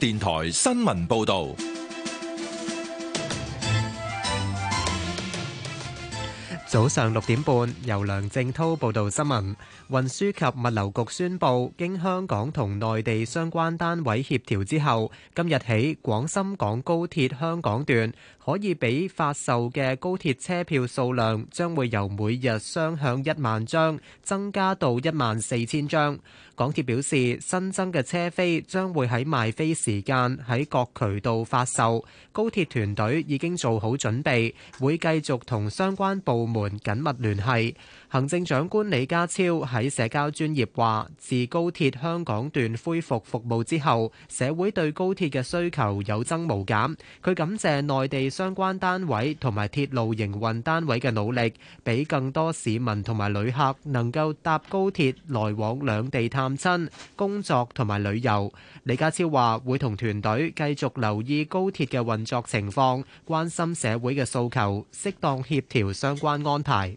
電台新聞報道，早上六點半，由梁正濤報道新聞。運輸及物流局宣佈，經香港同內地相關單位協調之後，今日起廣深港高鐵香港段可以俾發售嘅高鐵車票數量，將會由每日雙向一萬張增加到一萬四千張。港鐵表示，新增嘅車飛將會喺賣飛時間喺各渠道發售。高鐵團隊已經做好準備，會繼續同相關部門緊密聯繫。行政長官李家超喺社交專頁話：自高鐵香港段恢復服務之後，社會對高鐵嘅需求有增無減。佢感謝內地相關單位同埋鐵路營運單位嘅努力，俾更多市民同埋旅客能夠搭高鐵來往兩地探親、工作同埋旅遊。李家超話會同團隊繼續留意高鐵嘅運作情況，關心社會嘅訴求，適當協調相關安排。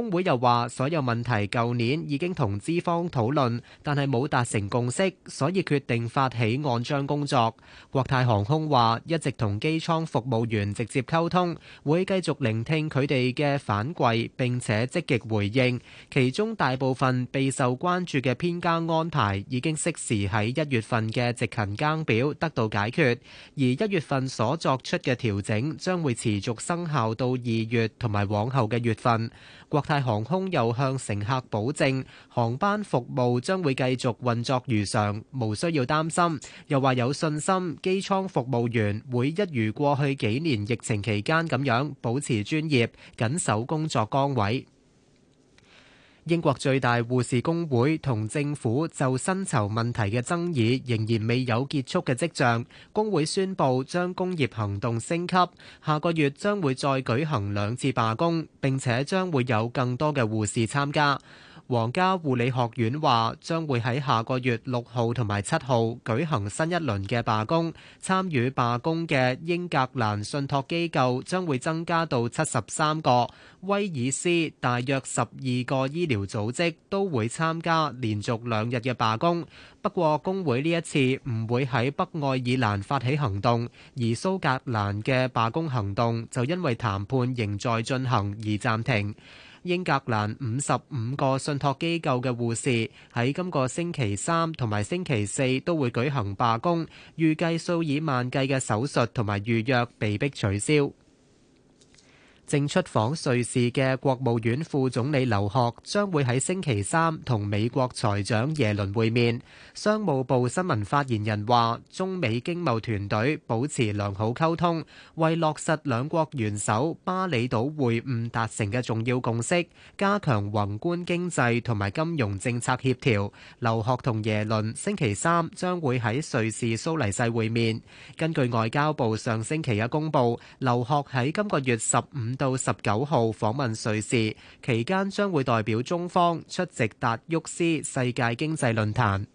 工會又話，所有問題舊年已經同資方討論，但係冇達成共識，所以決定發起按章工作。國泰航空話一直同機艙服務員直接溝通，會繼續聆聽佢哋嘅反饋，並且積極回應。其中大部分備受關注嘅編更安排已經適時喺一月份嘅值勤更表得到解決，而一月份所作出嘅調整將會持續生效到二月同埋往後嘅月份。國泰航空又向乘客保證，航班服務將會繼續運作如常，無需要擔心。又話有信心機艙服務員會一如過去幾年疫情期間咁樣保持專業，緊守工作崗位。英國最大護士工會同政府就薪酬問題嘅爭議仍然未有結束嘅跡象。工會宣布將工業行動升級，下個月將會再舉行兩次罷工，並且將會有更多嘅護士參加。皇家護理學院話將會喺下個月六號同埋七號舉行新一輪嘅罷工，參與罷工嘅英格蘭信託機構將會增加到七十三個，威爾斯大約十二個醫療組織都會參加連續兩日嘅罷工。不過工會呢一次唔會喺北愛爾蘭發起行動，而蘇格蘭嘅罷工行動就因為談判仍在進行而暫停。英格蘭五十五個信託機構嘅護士喺今個星期三同埋星期四都會舉行罷工，預計數以萬計嘅手術同埋預約被迫取消。正出訪瑞士嘅國務院副總理劉鶴將會喺星期三同美國財長耶倫會面。商務部新聞發言人話：中美經貿團隊保持良好溝通，為落實兩國元首巴厘島會晤達成嘅重要共識，加強宏觀經濟同埋金融政策協調。劉鶴同耶倫星期三將會喺瑞士蘇黎世會面。根據外交部上星期一公佈，劉鶴喺今個月十五到十九號訪問瑞士期間，將會代表中方出席達沃斯世界經濟論壇。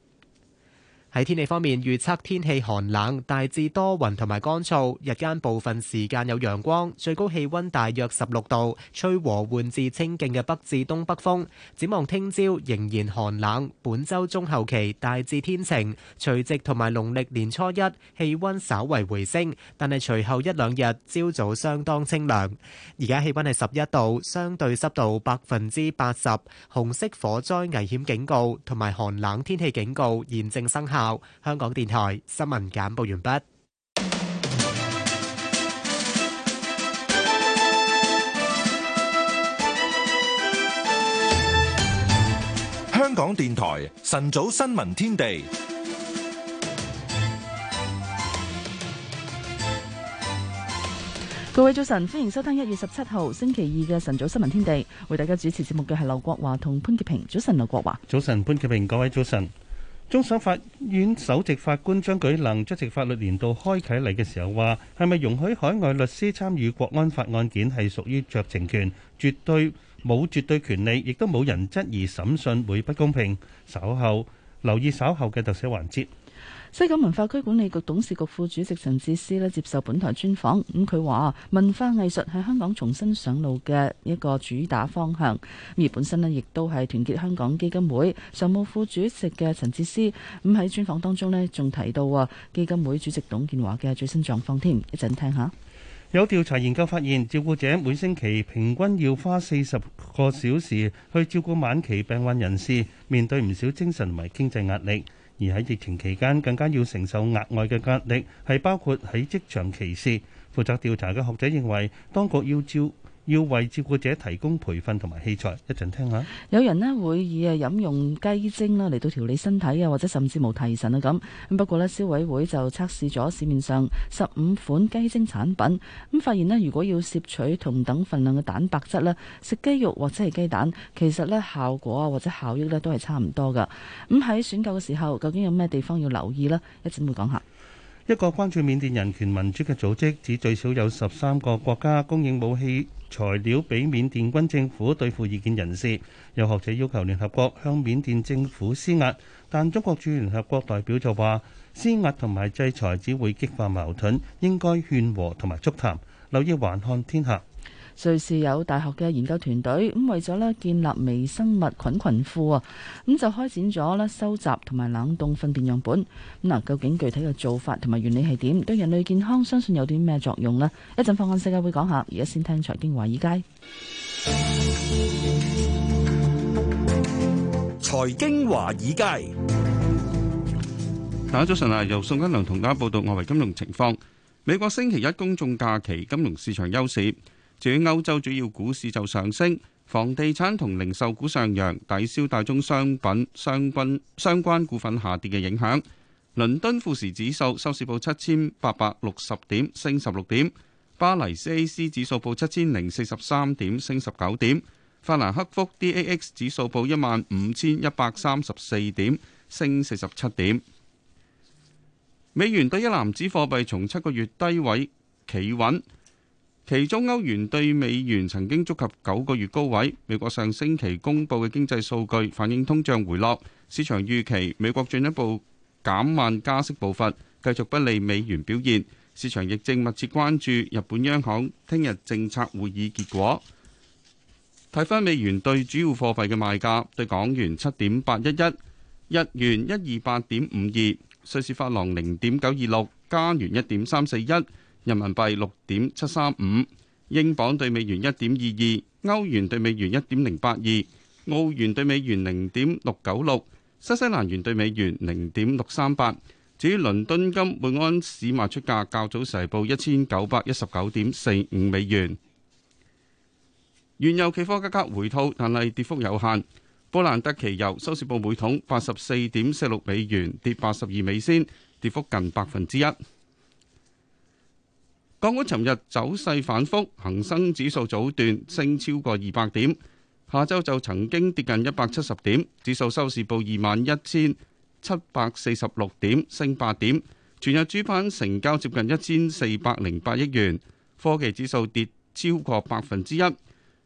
喺天氣方面，預測天氣寒冷，大致多雲同埋乾燥，日間部分時間有陽光，最高氣溫大約十六度，吹和緩至清勁嘅北至東北風。展望聽朝仍然寒冷，本周中後期大致天晴，除夕同埋農曆年初一氣溫稍為回升，但係隨後一兩日朝早相當清涼。而家氣溫係十一度，相對濕度百分之八十，紅色火災危險警告同埋寒冷天氣警告現正生效。香港電台新聞簡報完畢。香港電台晨早新聞天地，各位早晨，歡迎收聽一月十七號星期二嘅晨早新聞天地。為大家主持節目嘅係劉國華同潘潔平。早晨，劉國華。早晨，潘潔平。各位早晨。終審法院首席法官張舉能出席法律年度開啓禮嘅時候話，係咪容許海外律師參與國安法案件係屬於酌情權，絕對冇絕對權利，亦都冇人質疑審訊會不公平。稍後留意稍後嘅特寫環節。西九文化區管理局董事局副主席陳智思咧接受本台專訪，咁佢話：文化藝術係香港重新上路嘅一個主打方向。而本身咧亦都係團結香港基金會常務副主席嘅陳智思。咁、嗯、喺專訪當中咧仲提到基金會主席董建華嘅最新狀況添，一陣聽下。有調查研究發現，照顧者每星期平均要花四十個小時去照顧晚期病患人士，面對唔少精神同埋經濟壓力。而喺疫情期間，更加要承受額外嘅壓力，係包括喺職場歧視。負責調查嘅學者認為，當局要召。要為照顧者提供培訓同埋器材，一陣聽下。有人咧會以誒，飲用雞精啦嚟到調理身體啊，或者甚至冇提神啊咁。不過咧消委會就測試咗市面上十五款雞精產品，咁發現咧如果要攝取同等份量嘅蛋白質啦，食雞肉或者係雞蛋，其實咧效果啊或者效益咧都係差唔多噶。咁喺選購嘅時候，究竟有咩地方要留意呢？一陣會講下。一個關注緬甸人權民主嘅組織指最少有十三個國家供應武器材料俾緬甸軍政府對付異見人士，有學者要求聯合國向緬甸政府施壓，但中國駐聯合國代表就話施壓同埋制裁只會激化矛盾，應該勸和同埋促談。留意環看天下。瑞士有大學嘅研究團隊咁，為咗咧建立微生物菌群庫啊，咁就開展咗咧收集同埋冷凍糞便樣本咁嗱。究竟具體嘅做法同埋原理係點？對人類健康相信有啲咩作用呢？一陣放眼世界會講下，而家先聽財經華爾街。財經華爾街，大家早晨啊！由宋金良同大家報道外圍金融情況。美國星期一公眾假期，金融市場休市。至於歐洲主要股市就上升，房地產同零售股上揚，抵消大宗商品相關相關股份下跌嘅影響。倫敦富時指數收市報七千八百六十點，升十六點；巴黎 CAC 指數報七千零四十三點，升十九點；法蘭克福 DAX 指數報一萬五千一百三十四點，升四十七點。美元對一籃子貨幣從七個月低位企穩。其中歐元對美元曾經觸及九個月高位。美國上星期公布嘅經濟數據反映通脹回落，市場預期美國進一步減慢加息步伐，繼續不利美元表現。市場亦正密切關注日本央行聽日政策會議結果。睇返美元對主要貨幣嘅賣價：對港元七點八一一，日元一二八點五二，瑞士法郎零點九二六，加元一點三四一。人民幣六點七三五，英鎊兌美元一點二二，歐元兌美元一點零八二，澳元兌美元零點六九六，新西蘭元兌美元零點六三八。至於倫敦金，每安士賣出價較早時報一千九百一十九點四五美元。原油期貨價格回吐，但係跌幅有限。布蘭特期油收市報每桶八十四點四六美元，跌八十二美仙，跌幅近百分之一。港股尋日走勢反覆，恒生指數早段升超過二百點，下周就曾經跌近一百七十點，指數收市報二萬一千七百四十六點，升八點。全日主板成交接近一千四百零八億元，科技指數跌超過百分之一，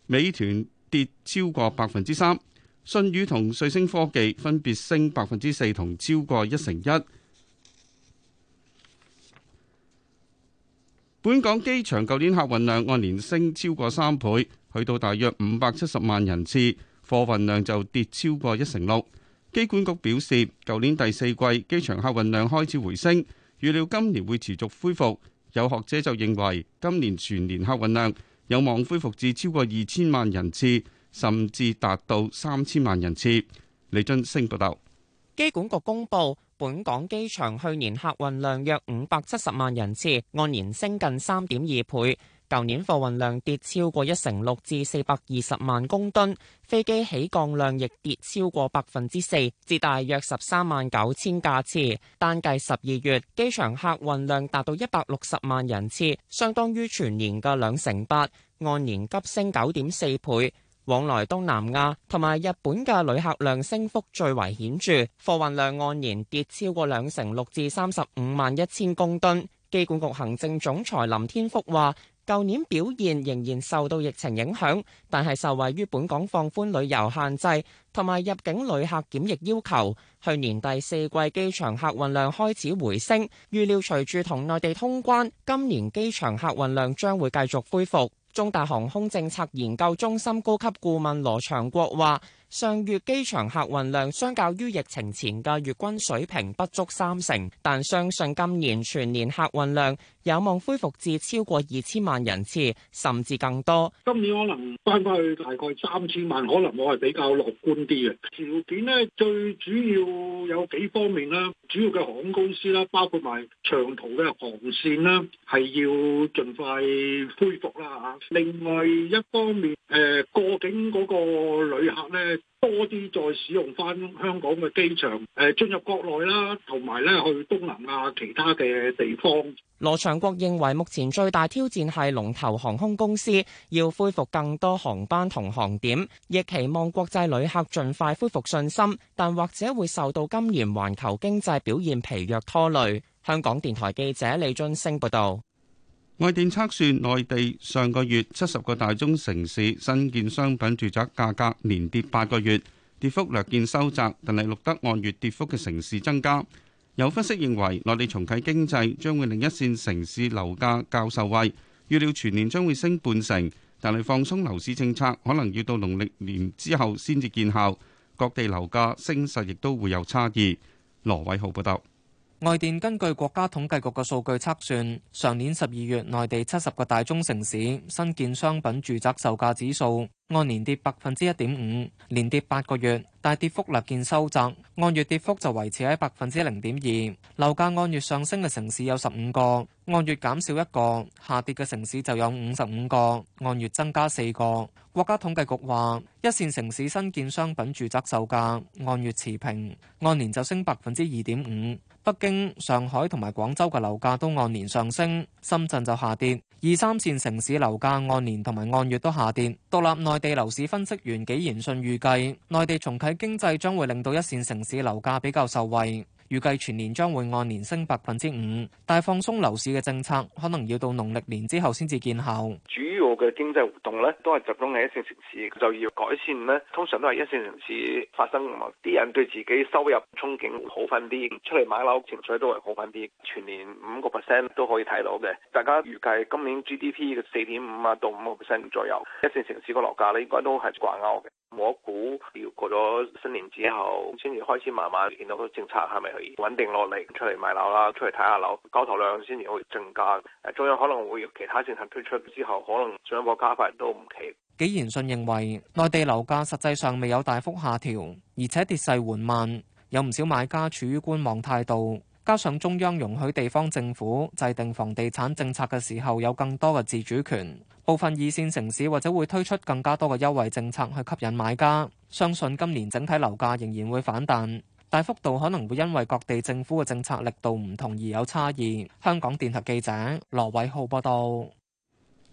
美團跌超過百分之三，信宇同瑞聲科技分別升百分之四同超過一成一。本港機場舊年客運量按年升超過三倍，去到大約五百七十萬人次，貨運量就跌超過一成六。機管局表示，舊年第四季機場客運量開始回升，預料今年會持續恢復。有學者就認為，今年全年客運量有望恢復至超過二千萬人次，甚至達到三千萬人次。李俊升報道，機管局公布。本港機場去年客運量約五百七十萬人次，按年升近三點二倍。舊年貨運量跌超過一成六，至四百二十萬公噸。飛機起降量亦跌超過百分之四，至大約十三萬九千架次。單計十二月，機場客運量達到一百六十萬人次，相當於全年嘅兩成八，按年急升九點四倍。往來東南亞同埋日本嘅旅客量升幅最為顯著，貨運量按年跌超過兩成六至三十五萬一千公噸。機管局行政總裁林天福話，舊年表現仍然受到疫情影響，但係受惠於本港放寬旅遊限制同埋入境旅客檢疫要求，去年第四季機場客運量開始回升。預料隨住同內地通關，今年機場客運量將會繼續恢復。中大航空政策研究中心高級顧問羅祥國話。上月機場客運量相較於疫情前嘅月均水平不足三成，但相信今年全年客運量有望恢復至超過二千萬人次，甚至更多。今年可能翻翻去大概三千萬，可能我係比較樂觀啲嘅。條件咧，最主要有幾方面啦，主要嘅航空公司啦，包括埋長途嘅航綫啦，係要盡快恢復啦吓。另外一方面，誒過境嗰個旅客咧。多啲再使用翻香港嘅機場，誒進入國內啦，同埋咧去東南亞其他嘅地方。羅祥國認為，目前最大挑戰係龍頭航空公司要恢復更多航班同航點，亦期望國際旅客盡快恢復信心，但或者會受到今年環球經濟表現疲弱拖累。香港電台記者李俊星報道。外電測算，內地上個月七十個大中城市新建商品住宅價格連跌八個月，跌幅略見收窄，但係錄得按月跌幅嘅城市增加。有分析認為，內地重啟經濟將會令一線城市樓價較受惠，預料全年將會升半成，但係放鬆樓市政策可能要到農曆年之後先至見效。各地樓價升勢亦都會有差異。羅偉豪報道。外電根據國家統計局嘅數據測算，上年十二月內地七十個大中城市新建商品住宅售價指數按年跌百分之一點五，連跌八個月，但跌幅略見收窄，按月跌幅就維持喺百分之零點二。樓價按月上升嘅城市有十五個，按月減少一個，下跌嘅城市就有五十五個，按月增加四個。國家統計局話，一線城市新建商品住宅售價按月持平，按年就升百分之二點五。北京、上海同埋廣州嘅樓價都按年上升，深圳就下跌。二三綫城市樓價按年同埋按月都下跌。獨立內地樓市分析員紀言信預計，內地重啟經濟將會令到一綫城市樓價比較受惠。預計全年將會按年升百分之五，但係放鬆樓市嘅政策可能要到農曆年之後先至見效。主要嘅經濟活動咧都係集中喺一線城市，就要改善咧。通常都係一線城市發生，啲人對自己收入憧憬好返啲，出嚟買樓情緒都係好返啲。全年五個 percent 都可以睇到嘅。大家預計今年 GDP 嘅四點五啊到五個 percent 左右，一線城市個樓價咧應該都係掛鈎嘅。我估要過咗新年之後先至開始慢慢見到個政策係咪，是穩定落嚟，出嚟買樓啦，出嚟睇下樓，交投量先至可以增加。誒，中央可能會有其他政策推出之後，可能進一步加快都唔奇。紀賢信認為，內地樓價實際上未有大幅下調，而且跌勢緩慢，有唔少買家處於觀望態度。加上中央容許地方政府制定房地產政策嘅時候有更多嘅自主權，部分二線城市或者會推出更加多嘅優惠政策去吸引買家。相信今年整體樓價仍然會反彈。大幅度可能會因為各地政府嘅政策力度唔同而有差異。香港電台記者羅偉浩報道。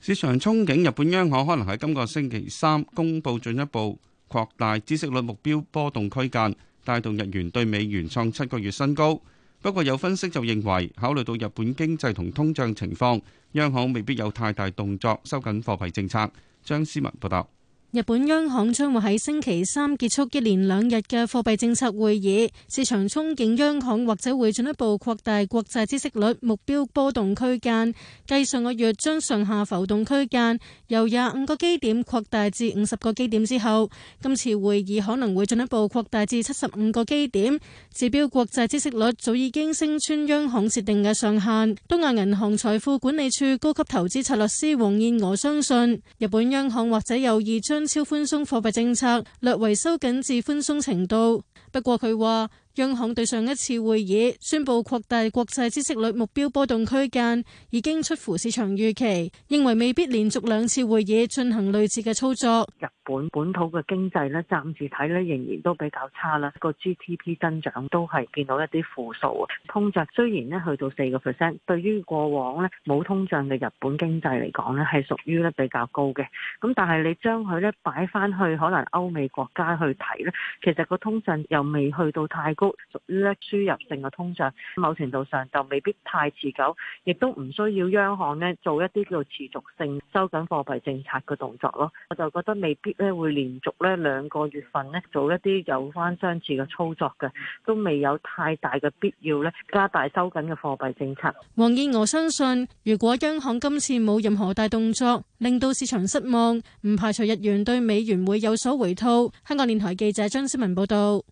市場憧憬日本央行可能喺今個星期三公布進一步擴大孳息率目標波動區間，帶動日元兌美元創七個月新高。不過有分析就認為，考慮到日本經濟同通脹情況，央行未必有太大動作收緊貨幣政策。張思文報道。日本央行將會喺星期三結束一連兩日嘅貨幣政策會議，市場憧憬央行或者會進一步擴大國債孳息率目標波動區間。繼上個月將上下浮動區間由廿五個基點擴大至五十個基點之後，今次會議可能會進一步擴大至七十五個基點。指標國債孳息率早已經升穿央行設定嘅上限。東亞銀行財富管理處高級投資策略師黃燕娥，相信，日本央行或者有意將超寬鬆貨幣政策略為收緊至寬鬆程度，不過，佢話。央行對上一次會議宣布擴大國債息率目標波動區間，已經出乎市場預期，認為未必連續兩次會議進行類似嘅操作。日本本土嘅經濟咧，暫時睇咧仍然都比較差啦，個 GDP 增長都係見到一啲負數啊。通脹雖然咧去到四個 percent，對於過往咧冇通脹嘅日本經濟嚟講咧，係屬於咧比較高嘅。咁但係你將佢咧擺翻去可能歐美國家去睇咧，其實個通脹又未去到太高。屬於咧輸入性嘅通脹，某程度上就未必太持久，亦都唔需要央行咧做一啲叫持續性收緊貨幣政策嘅動作咯。我就覺得未必咧會連續咧兩個月份咧做一啲有返相似嘅操作嘅，都未有太大嘅必要咧加大收緊嘅貨幣政策。黃燕娥相信，如果央行今次冇任何大動作，令到市場失望，唔排除日元對美元會有所回吐。香港電台記者張思文報道。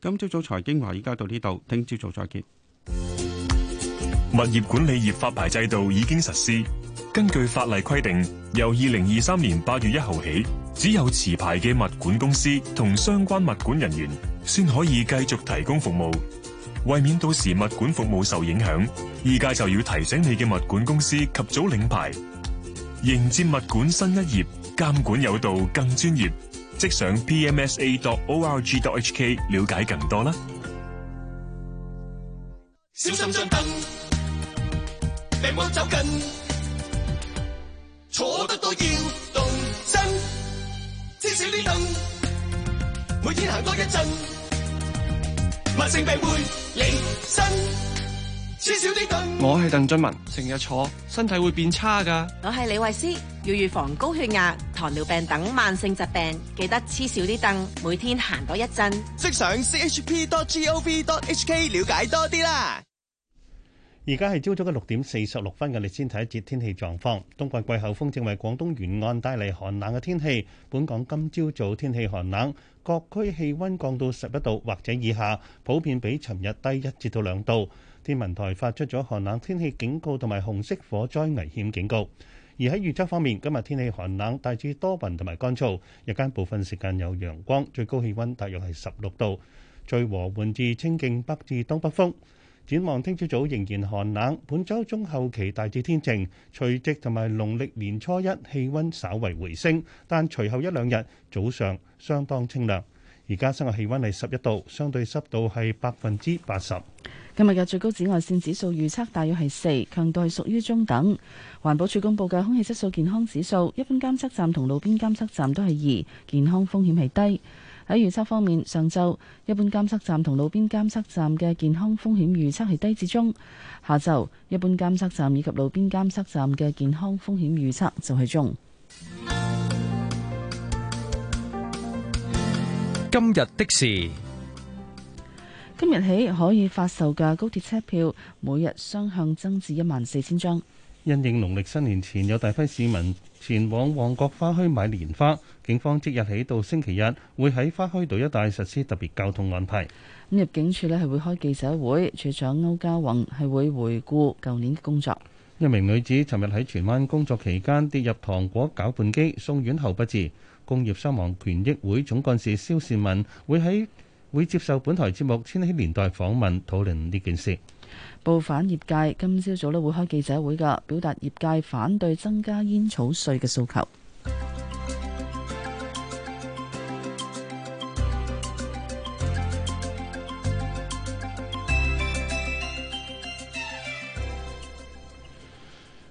今朝早財經話，依家到呢度，聽朝早，早再見。物業管理業發牌制度已經實施，根據法例規定，由二零二三年八月一號起，只有持牌嘅物管公司同相關物管人員，先可以繼續提供服務。為免到時物管服務受影響，依家就要提醒你嘅物管公司及早領牌，迎接物管新一頁，監管有道更專業。即上 PMSA.org.hk 了解更多啦！小心張凳，病魔走近，坐得多要動身，天少啲凳，每天行多一陣，慢性病會離身。黐少啲凳，我係鄧俊文，成日坐身體會變差噶。我係李慧詩，要預防高血壓、糖尿病等慢性疾病，記得黐少啲凳，每天行多一陣。即上 chp.gov.hk 了解多啲啦。而家係朝早嘅六點四十六分嘅，我哋先睇一節天氣狀況。冬，冬季季候風正為廣東沿岸帶嚟寒冷嘅天氣，本港今朝早，早天氣寒冷，各區氣溫降到十一度或者以下，普遍比尋日低一至到兩度。天文台發出咗寒冷天氣警告同埋紅色火災危險警告。而喺預測方面，今日天氣寒冷，大致多雲同埋乾燥，日間部分時間有陽光，最高氣温大約係十六度，吹和緩至清勁北至東北風。展望聽朝早仍然寒冷，本周中後期大致天晴，除夕同埋農曆年初一氣温稍為回升，但隨後一兩日早上相當清涼。而家室外氣温係十一度，相對濕度係百分之八十。今日嘅最高紫外線指數預測大約係四，強度係屬於中等。環保署公布嘅空氣質素健康指數，一般監測站同路邊監測站都係二，健康風險係低。喺預測方面，上晝一般監測站同路邊監測站嘅健康風險預測係低至中。下晝一般監測站以及路邊監測站嘅健康風險預測就係中。今日的事，今日起可以發售嘅高鐵車票，每日雙向增至一萬四千張。因應農曆新年前有大批市民前往旺角花墟買蓮花，警方即日起到星期日會喺花墟道一帶實施特別交通安排。咁入境處呢係會開記者會，處長歐家宏係會回顧舊年嘅工作。一名女子尋日喺荃灣工作期間跌入糖果攪拌機，送院後不治。工業傷亡權益會總幹事蕭倩文會喺會接受本台節目《千禧年代》訪問，討論呢件事。報返業界今朝早咧會開記者會噶，表達業界反對增加煙草稅嘅訴求。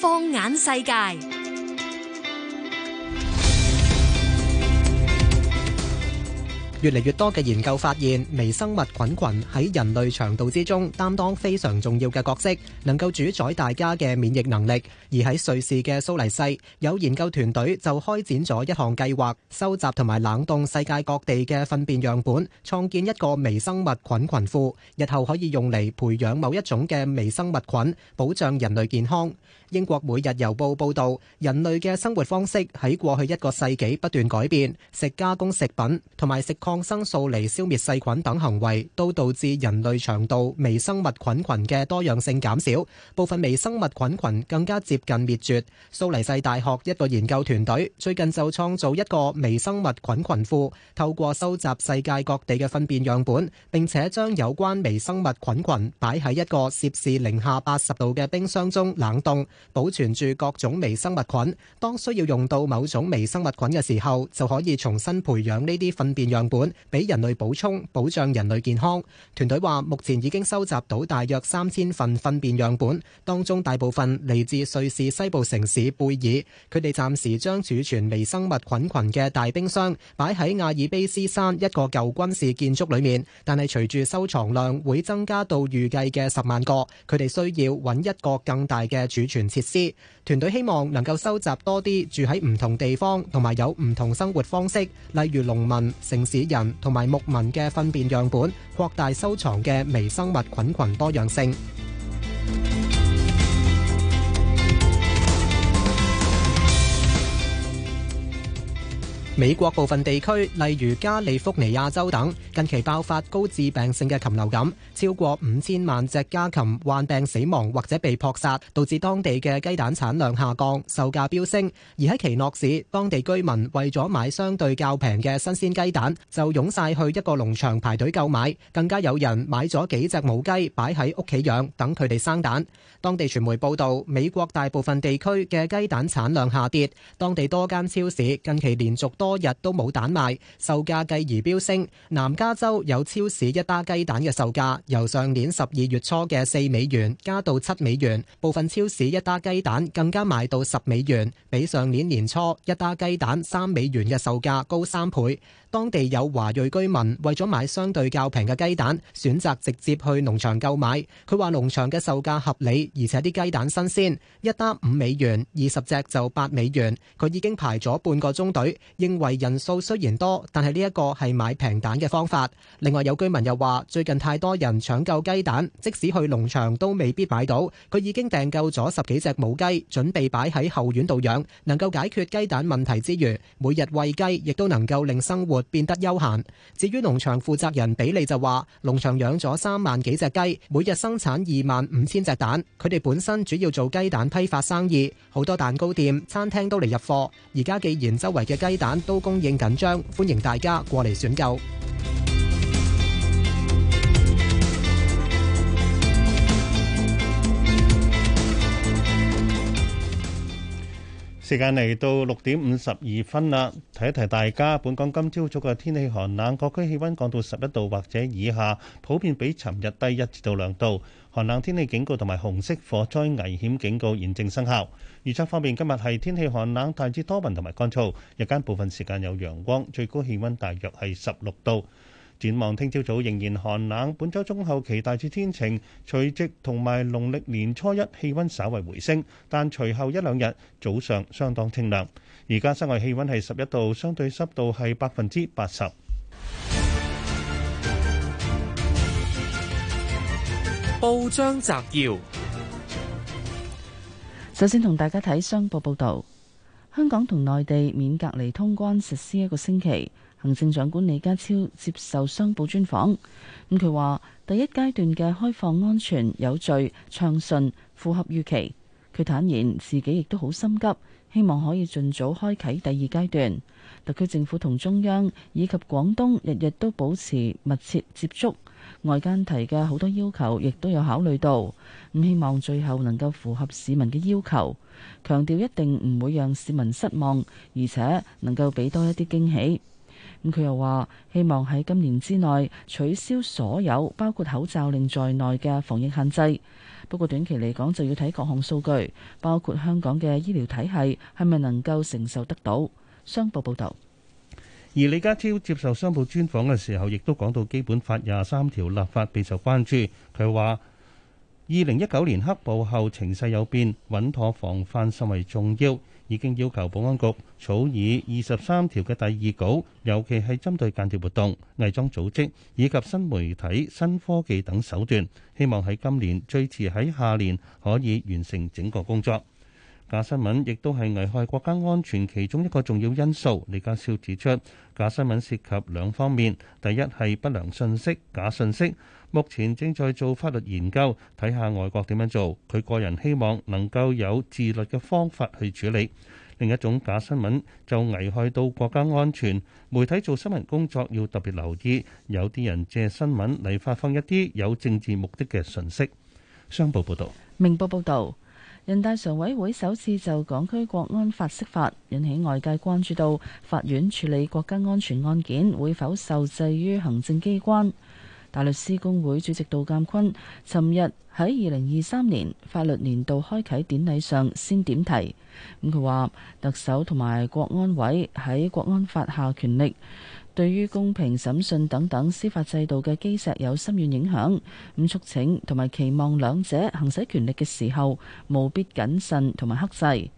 放眼世界，越嚟越多嘅研究發現，微生物菌群喺人類腸道之中擔當非常重要嘅角色，能夠主宰大家嘅免疫能力。而喺瑞士嘅蘇黎世，有研究團隊就開展咗一項計劃，收集同埋冷凍世界各地嘅糞便樣本，創建一個微生物菌群庫，日後可以用嚟培養某一種嘅微生物菌，保障人類健康。英國每日郵報報導，人類嘅生活方式喺過去一個世紀不斷改變，食加工食品同埋食抗生素嚟消滅細菌等行為，都導致人類腸道微生物菌群嘅多樣性減少。部分微生物菌群更加接近滅絕。蘇黎世大學一個研究團隊最近就創造一個微生物菌群庫，透過收集世界各地嘅糞便樣本，並且將有關微生物菌群擺喺一個攝氏零下八十度嘅冰箱中冷凍。保存住各種微生物菌，當需要用到某種微生物菌嘅時候，就可以重新培養呢啲糞便樣本，俾人類補充，保障人類健康。團隊話，目前已經收集到大約三千份糞便樣本，當中大部分嚟自瑞士西部城市貝爾。佢哋暫時將儲存微生物菌群嘅大冰箱擺喺亞爾卑斯山一個舊軍事建築裏面，但係隨住收藏量會增加到預計嘅十萬個，佢哋需要揾一個更大嘅儲存設施團隊希望能夠收集多啲住喺唔同地方同埋有唔同生活方式，例如農民、城市人同埋牧民嘅糞便樣本，擴大收藏嘅微生物菌群多樣性。美國部分地區例如加利福尼亞州等，近期爆發高致病性嘅禽流感，超過五千萬隻家禽患病死亡或者被撲殺，導致當地嘅雞蛋產量下降，售價飆升。而喺奇諾市，當地居民為咗買相對較平嘅新鮮雞蛋，就湧晒去一個農場排隊購買，更加有人買咗幾隻母雞擺喺屋企養等佢哋生蛋。當地傳媒報道，美國大部分地區嘅雞蛋產量下跌，當地多間超市近期連續多。多日都冇蛋賣，售價繼而飆升。南加州有超市一打雞蛋嘅售價由上年十二月初嘅四美元加到七美元，部分超市一打雞蛋更加賣到十美元，比上年年初一打雞蛋三美元嘅售價高三倍。當地有華裔居民為咗買相對較平嘅雞蛋，選擇直接去農場購買。佢話農場嘅售價合理，而且啲雞蛋新鮮，一打五美元，二十隻就八美元。佢已經排咗半個鐘隊，應。為人數雖然多，但係呢一個係買平蛋嘅方法。另外有居民又話，最近太多人搶購雞蛋，即使去農場都未必買到。佢已經訂購咗十幾隻母雞，準備擺喺後院度養，能夠解決雞蛋問題之餘，每日餵雞亦都能夠令生活變得悠閒。至於農場負責人比利就話，農場養咗三萬幾隻雞，每日生產二萬五千隻蛋。佢哋本身主要做雞蛋批發生意。好多蛋糕店、餐廳都嚟入貨，而家既然周圍嘅雞蛋都供應緊張，歡迎大家過嚟選購。時間嚟到六點五十二分啦，提一提大家，本港今朝早嘅天氣寒冷，各區氣温降到十一度或者以下，普遍比尋日低一至到兩度。寒冷天氣警告同埋紅色火災危險警告現正生效。預測方面，今日係天氣寒冷，大致多雲同埋乾燥，日間部分時間有陽光，最高氣温大約係十六度。展望聽朝早仍然寒冷，本周中後期大致天晴，除夕同埋農曆年初一氣温稍為回升，但隨後一兩日早上相當清涼。而家室外氣温係十一度，相對濕度係百分之八十。報章摘要，首先同大家睇商報報導，香港同內地免隔離通關實施一個星期。行政長官李家超接受商報專訪，咁佢話：第一階段嘅開放安全有序暢順，符合預期。佢坦言自己亦都好心急，希望可以盡早開啟第二階段。特區政府同中央以及廣東日日都保持密切接觸，外間提嘅好多要求，亦都有考慮到。咁、嗯、希望最後能夠符合市民嘅要求，強調一定唔會讓市民失望，而且能夠俾多一啲驚喜。咁佢又話：希望喺今年之內取消所有包括口罩令在內嘅防疫限制。不過短期嚟講就要睇各項數據，包括香港嘅醫療體系係咪能夠承受得到。商報報道。而李家超接受商報專訪嘅時候，亦都講到《基本法》廿三條立法備受關注。佢話：二零一九年黑暴後情勢有變，穩妥防範甚為重要。已經要求保安局草擬二十三條嘅第二稿，尤其係針對間諜活動、偽裝組織以及新媒體、新科技等手段，希望喺今年最遲喺下年可以完成整個工作。假新聞亦都係危害國家安全其中一個重要因素。李家超指出，假新聞涉及兩方面，第一係不良信息、假信息。目前正在做法律研究，睇下外國點樣做。佢個人希望能夠有自律嘅方法去處理。另一種假新聞就危害到國家安全，媒體做新聞工作要特別留意。有啲人借新聞嚟發放一啲有政治目的嘅信息。商報報道，明報報道，人大常委會首次就港區國安法釋法，引起外界關注到法院處理國家安全案件會否受制於行政機關。大律師公會主席杜鑒坤，尋日喺二零二三年法律年度開啟典禮上先點題，咁佢話特首同埋國安委喺國安法下權力，對於公平審訊等等司法制度嘅基石有深遠影響，咁、嗯、促請同埋期望兩者行使權力嘅時候，務必謹慎同埋克制。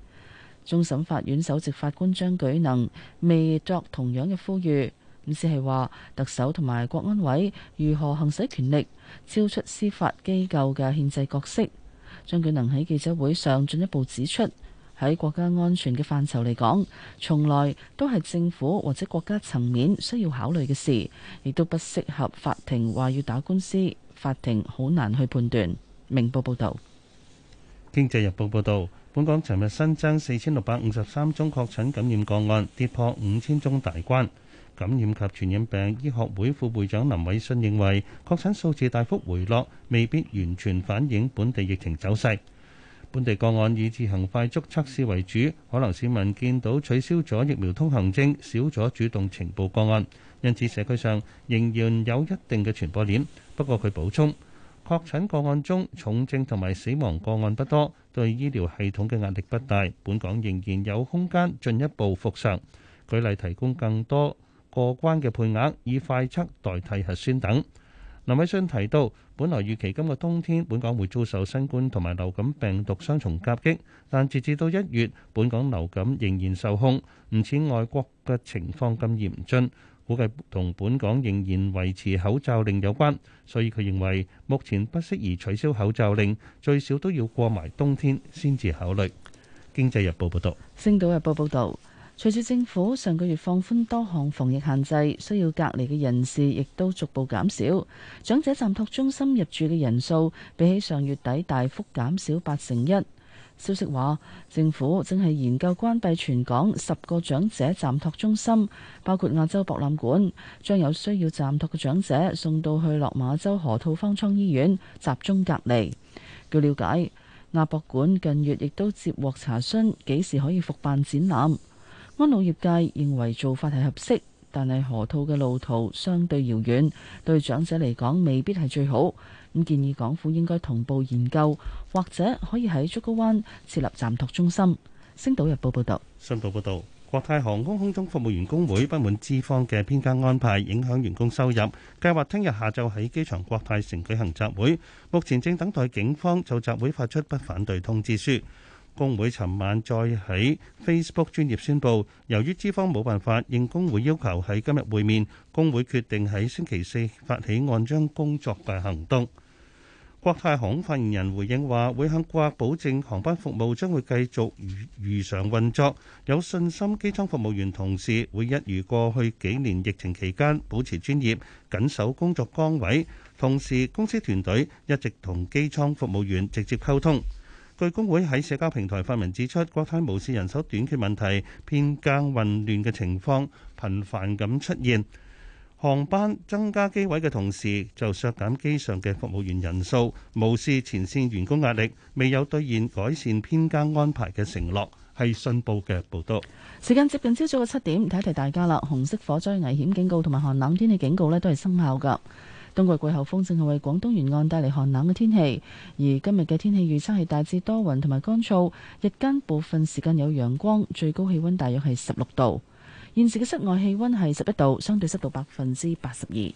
終審法院首席法官張舉能未作同樣嘅呼籲。咁先係話特首同埋國安委如何行使權力，超出司法機構嘅憲制角色。張舉能喺記者會上進一步指出，喺國家安全嘅範疇嚟講，從來都係政府或者國家層面需要考慮嘅事，亦都不適合法庭話要打官司。法庭好難去判斷。明報報導，《經濟日報》報導，本港尋日新增四千六百五十三宗確診感染個案，跌破五千宗大關。感染及傳染病醫學會副會長林緯遜認為，確診數字大幅回落，未必完全反映本地疫情走勢。本地個案以自行快速測試為主，可能市民見到取消咗疫苗通行證，少咗主動呈報個案，因此社區上仍然有一定嘅傳播鏈。不過佢補充，確診個案中重症同埋死亡個案不多，對醫療系統嘅壓力不大。本港仍然有空間進一步復常。舉例提供更多。過關嘅配額，以快測代替核酸等。林偉信提到，本來預期今個冬天本港會遭受新冠同埋流感病毒雙重夾擊，但截至到一月，本港流感仍然受控，唔似外國嘅情況咁嚴峻。估計同本港仍然維持口罩令有關，所以佢認為目前不適宜取消口罩令，最少都要過埋冬天先至考慮。經濟日報報道。星島日報報導。隨住政府上個月放寬多項防疫限制，需要隔離嘅人士亦都逐步減少，長者暫託中心入住嘅人數比起上月底大幅減少八成一。消息話，政府正係研究關閉全港十個長者暫託中心，包括亞洲博覽館，將有需要暫託嘅長者送到去落馬洲河套方艙醫院集中隔離。據了解，亞博館近月亦都接獲查詢，幾時可以復辦展覽。安老業界認為做法係合適，但係河套嘅路途相對遙遠，對長者嚟講未必係最好。咁建議港府應該同步研究，或者可以喺竹篙灣設立暫託中心。星島日報報道，信報報道，國泰航空空中服務員工會不滿資方嘅編更安排影響員工收入，計劃聽日下晝喺機場國泰城舉行集會，目前正等待警方就集會發出不反對通知書。工會尋晚再喺 Facebook 專業宣布，由於資方冇辦法應工會要求喺今日會面，工會決定喺星期四發起按章工作嘅行動。國泰航空發言人回應話，會向顧客保證航班服務將會繼續如如常運作，有信心機艙服務員同事會一如過去幾年疫情期間保持專業，緊守工作崗位。同時，公司團隊一直同機艙服務員直接溝通。據工會喺社交平台發文指出，國泰無視人手短缺問題，編更混亂嘅情況頻繁咁出現，航班增加機位嘅同時就削減機上嘅服務員人數，無視前線員工壓力，未有兌現改善編更安排嘅承諾，係信報嘅報道。時間接近朝早嘅七點，提提大家啦，紅色火災危險警告同埋寒冷天氣警告呢，都係生效噶。冬季季候風正係為廣東沿岸帶嚟寒冷嘅天氣，而今日嘅天氣預測係大致多雲同埋乾燥，日間部分時間有陽光，最高氣溫大約係十六度。現時嘅室外氣溫係十一度，相對濕度百分之八十二。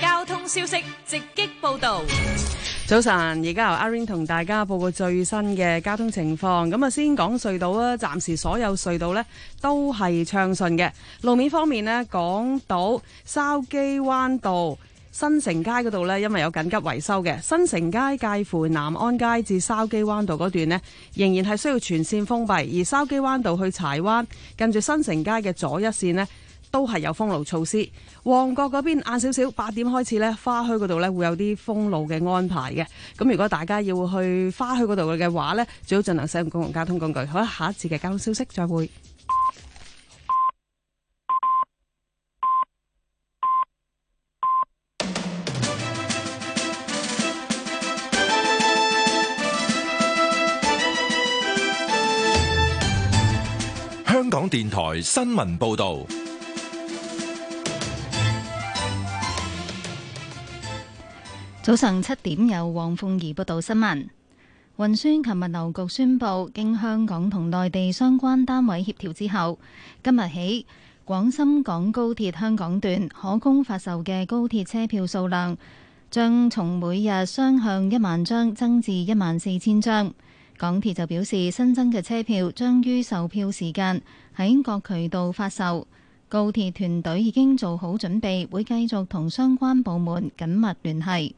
交通消息直擊報導，直擊報道。早晨，而家由阿 r i n 同大家報告最新嘅交通情況。咁啊，先講隧道啦，暫時所有隧道呢都係暢順嘅。路面方面呢，港島筲箕灣道、新城街嗰度呢，因為有緊急維修嘅新城街介乎南安街至筲箕灣道嗰段呢，仍然係需要全線封閉。而筲箕灣道去柴灣近住新城街嘅左一線呢。都係有封路措施，旺角嗰邊晏少少，八點開始咧，花墟嗰度咧會有啲封路嘅安排嘅。咁如果大家要去花墟嗰度嘅話呢，最好盡量使用公共交通工具。好啦，下一次嘅交通消息再會。香港電台新聞報道。早上七點，有黃鳳兒報道新聞。運輸及物流局宣布，經香港同內地相關單位協調之後，今日起，廣深港高鐵香港段可供發售嘅高鐵車票數量將從每日雙向一萬張增至一萬四千張。港鐵就表示，新增嘅車票將於售票時間喺各渠道發售。高鐵團隊已經做好準備，會繼續同相關部門緊密聯繫。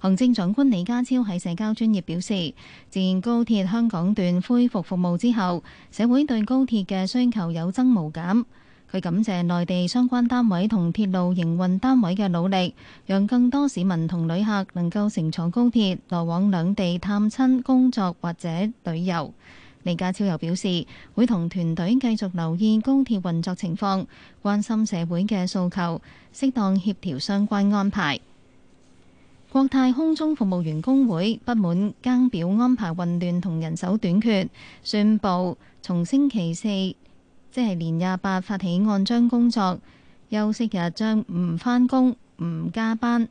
行政長官李家超喺社交專頁表示，自高鐵香港段恢復服務之後，社會對高鐵嘅需求有增無減。佢感謝內地相關單位同鐵路營運單位嘅努力，讓更多市民同旅客能夠乘坐高鐵來往兩地探親、工作或者旅遊。李家超又表示，會同團隊繼續留意高鐵運作情況，關心社會嘅訴求，適當協調相關安排。國泰空中服務員工會不滿更表安排混亂同人手短缺，宣佈從星期四，即係年廿八發起按章工作休息日將，將唔返工唔加班。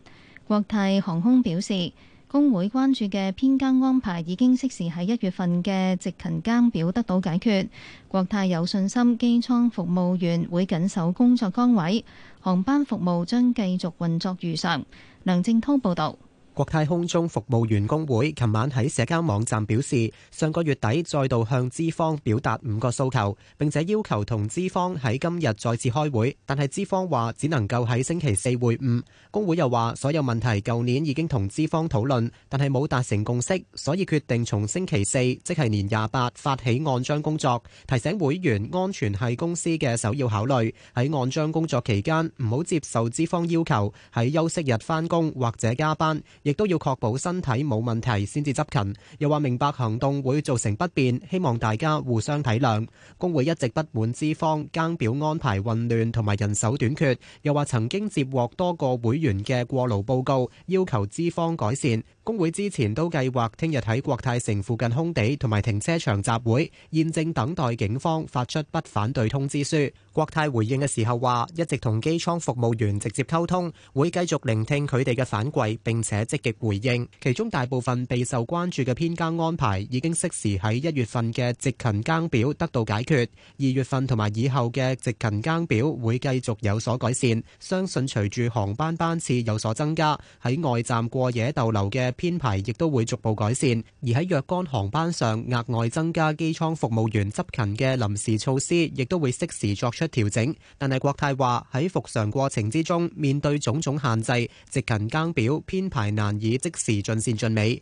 國泰航空表示，工會關注嘅編更安排已經適時喺一月份嘅直勤更表得到解決。國泰有信心機艙服務員會緊守工作崗位，航班服務將繼續運作如常。梁振濤報道。國泰空中服務員工會琴晚喺社交網站表示，上個月底再度向資方表達五個訴求，並且要求同資方喺今日再次開會，但係資方話只能夠喺星期四會晤。工會又話，所有問題舊年已經同資方討論，但係冇達成共識，所以決定從星期四，即係年廿八發起按章工作，提醒會員安全係公司嘅首要考慮。喺按章工作期間，唔好接受資方要求喺休息日返工或者加班。亦都要確保身體冇問題先至執勤，又話明白行動會造成不便，希望大家互相體諒。工會一直不滿資方更表安排混亂同埋人手短缺，又話曾經接獲多個會員嘅過勞報告，要求資方改善。工會之前都計劃聽日喺國泰城附近空地同埋停車場集會，現正等待警方發出不反對通知書。國泰回應嘅時候話，一直同機艙服務員直接溝通，會繼續聆聽佢哋嘅反饋，並且積極回應。其中大部分備受關注嘅偏更安排已經適時喺一月份嘅值勤更表得到解決，二月份同埋以後嘅值勤更表會繼續有所改善。相信隨住航班班次有所增加，喺外站過夜逗留嘅。編排亦都會逐步改善，而喺若干航班上額外增加機艙服務員執勤嘅臨時措施，亦都會適時作出調整。但係國泰話喺復常過程之中，面對種種限制，執勤更表編排難以即時盡善盡美。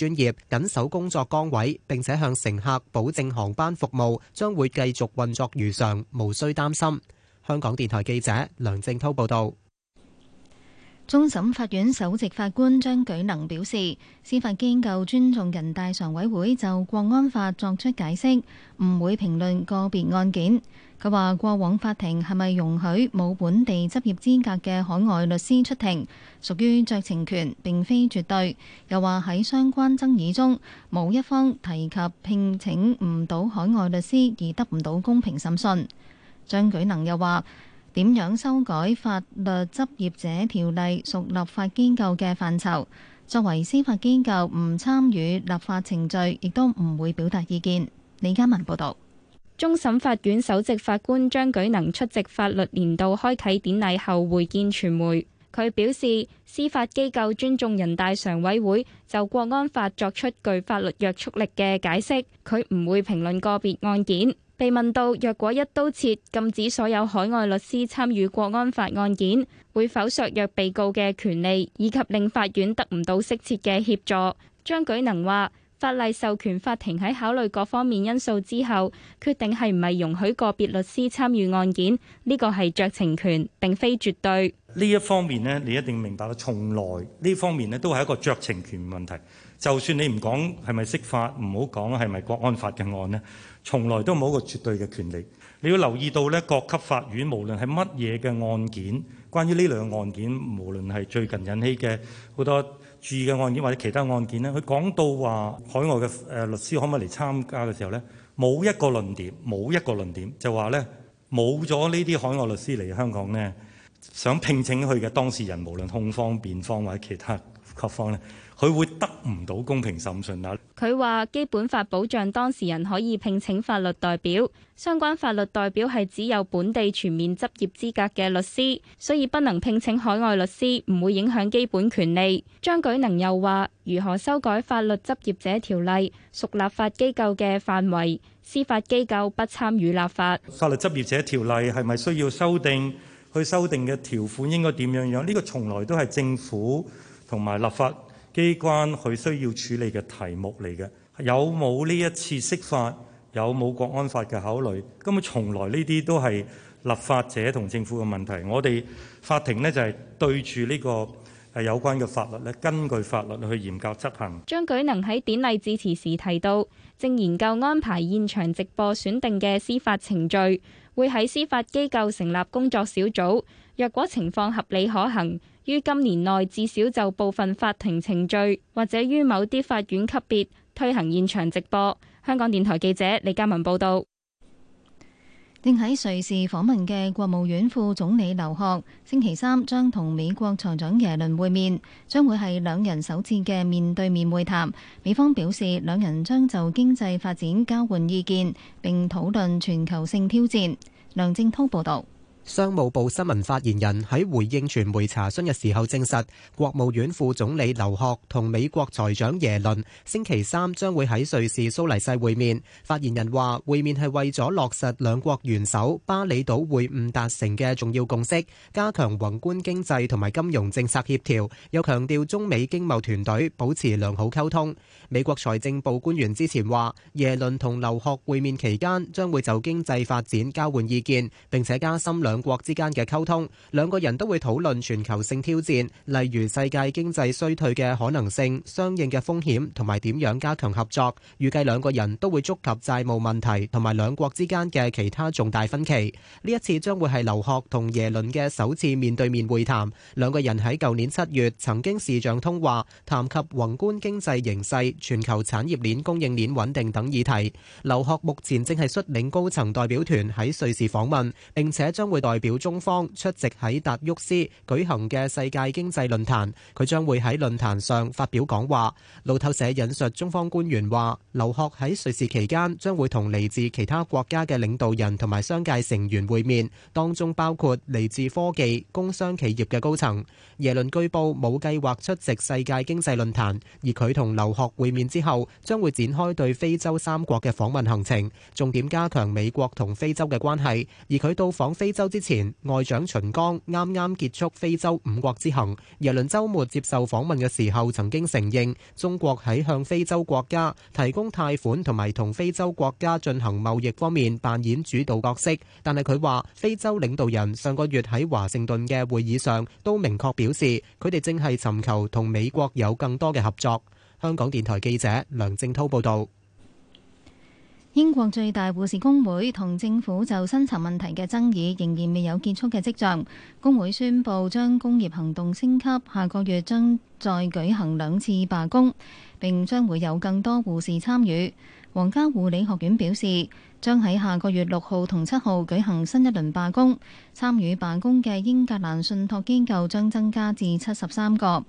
專業緊守工作崗位，並且向乘客保證航班服務將會繼續運作如常，無需擔心。香港電台記者梁正濤報道。終審法院首席法官張舉能表示，司法機構尊重人大常委會就國安法作出解釋，唔會評論個別案件。佢話過往法庭係咪容許冇本地執業資格嘅海外律師出庭，屬於酌情權，並非絕對。又話喺相關爭議中，冇一方提及聘請唔到海外律師而得唔到公平審訊。張舉能又話。點樣修改法律執業者條例屬立法機構嘅範疇，作為司法機構，唔參與立法程序，亦都唔會表達意見。李家文報導，終審法院首席法官張舉能出席法律年度開啟典禮後會見傳媒，佢表示司法機構尊重人大常委會就國安法作出具法律約束力嘅解釋，佢唔會評論個別案件。被問到若果一刀切禁止所有海外律師參與國安法案件，會否削弱被告嘅權利，以及令法院得唔到適切嘅協助？張舉能話：法例授權法庭喺考慮各方面因素之後，決定係唔係容許個別律師參與案件，呢個係酌情權，並非絕對。呢一方面咧，你一定明白啦，從來呢方面咧都係一個酌情權嘅問題。就算你唔講係咪釋法，唔好講係咪國安法嘅案咧，從來都冇一個絕對嘅權利。你要留意到咧，各級法院無論係乜嘢嘅案件，關於呢類嘅案件，無論係最近引起嘅好多注意嘅案件或者其他案件咧，佢講到話海外嘅誒律師可唔可以嚟參加嘅時候咧，冇一個論點，冇一個論點就話咧冇咗呢啲海外律師嚟香港呢，想聘請佢嘅當事人，無論控方、辯方或者其他各方咧。佢會得唔到公平審訊啊！佢話基本法保障當事人可以聘請法律代表，相關法律代表係只有本地全面執業資格嘅律師，所以不能聘請海外律師，唔會影響基本權利。張舉能又話：如何修改法律執業者條例屬立法機構嘅範圍，司法機構不參與立法。法律執業者條例係咪需要修訂？去修訂嘅條款應該點樣樣？呢個從來都係政府同埋立法機關佢需要處理嘅題目嚟嘅，有冇呢一次釋法，有冇國安法嘅考慮？根本，從來呢啲都係立法者同政府嘅問題。我哋法庭呢，就係對住呢個。係有關嘅法律咧，根據法律去研究執行。張舉能喺典禮致辭時提到，正研究安排現場直播選定嘅司法程序，會喺司法機構成立工作小組。若果情況合理可行，於今年內至少就部分法庭程序或者於某啲法院級別推行現場直播。香港電台記者李嘉文報道。正喺瑞士訪問嘅國務院副總理劉鶴，星期三將同美國財長耶倫會面，將會係兩人首次嘅面對面會談。美方表示，兩人將就經濟發展交換意見，並討論全球性挑戰。梁正濤報道。商務部新聞發言人喺回應傳媒查詢嘅時候證實，國務院副總理劉鶴同美國財長耶倫星期三將會喺瑞士蘇黎世會面。發言人話，會面係為咗落實兩國元首巴厘島會晤達成嘅重要共識，加強宏觀經濟同埋金融政策協調。又強調中美經貿團隊保持良好溝通。美國財政部官員之前話，耶倫同劉鶴會面期間將會就經濟發展交換意見，並且加深兩。兩國之間嘅溝通，兩個人都會討論全球性挑戰，例如世界經濟衰退嘅可能性、相應嘅風險同埋點樣加強合作。預計兩個人都會觸及債務問題同埋兩國之間嘅其他重大分歧。呢一次將會係劉鶴同耶倫嘅首次面對面會談。兩個人喺舊年七月曾經視像通話，談及宏觀經濟形勢、全球產業鏈供應鏈穩定等議題。劉鶴目前正係率領高層代表團喺瑞士訪問，並且將會。代表中方出席喺達沃斯舉行嘅世界經濟論壇，佢將會喺論壇上發表講話。路透社引述中方官員話，劉鶴喺瑞士期間，將會同嚟自其他國家嘅領導人同埋商界成員會面，當中包括嚟自科技、工商企業嘅高層。耶倫據報冇計劃出席世界經濟論壇，而佢同劉鶴會面之後，將會展開對非洲三國嘅訪問行程，重點加強美國同非洲嘅關係。而佢到訪非洲。之前，外長秦剛啱啱結束非洲五國之行，耶倫周末接受訪問嘅時候，曾經承認中國喺向非洲國家提供貸款同埋同非洲國家進行貿易方面扮演主導角色。但係佢話，非洲領導人上個月喺華盛頓嘅會議上都明確表示，佢哋正係尋求同美國有更多嘅合作。香港電台記者梁正濤報道。英國最大護士工會同政府就薪酬問題嘅爭議仍然未有結束嘅跡象。工會宣布將工業行動升級，下個月將再舉行兩次罷工，並將會有更多護士參與。皇家護理學院表示，將喺下個月六號同七號舉行新一輪罷工。參與罷工嘅英格蘭信託機構將增加至七十三個，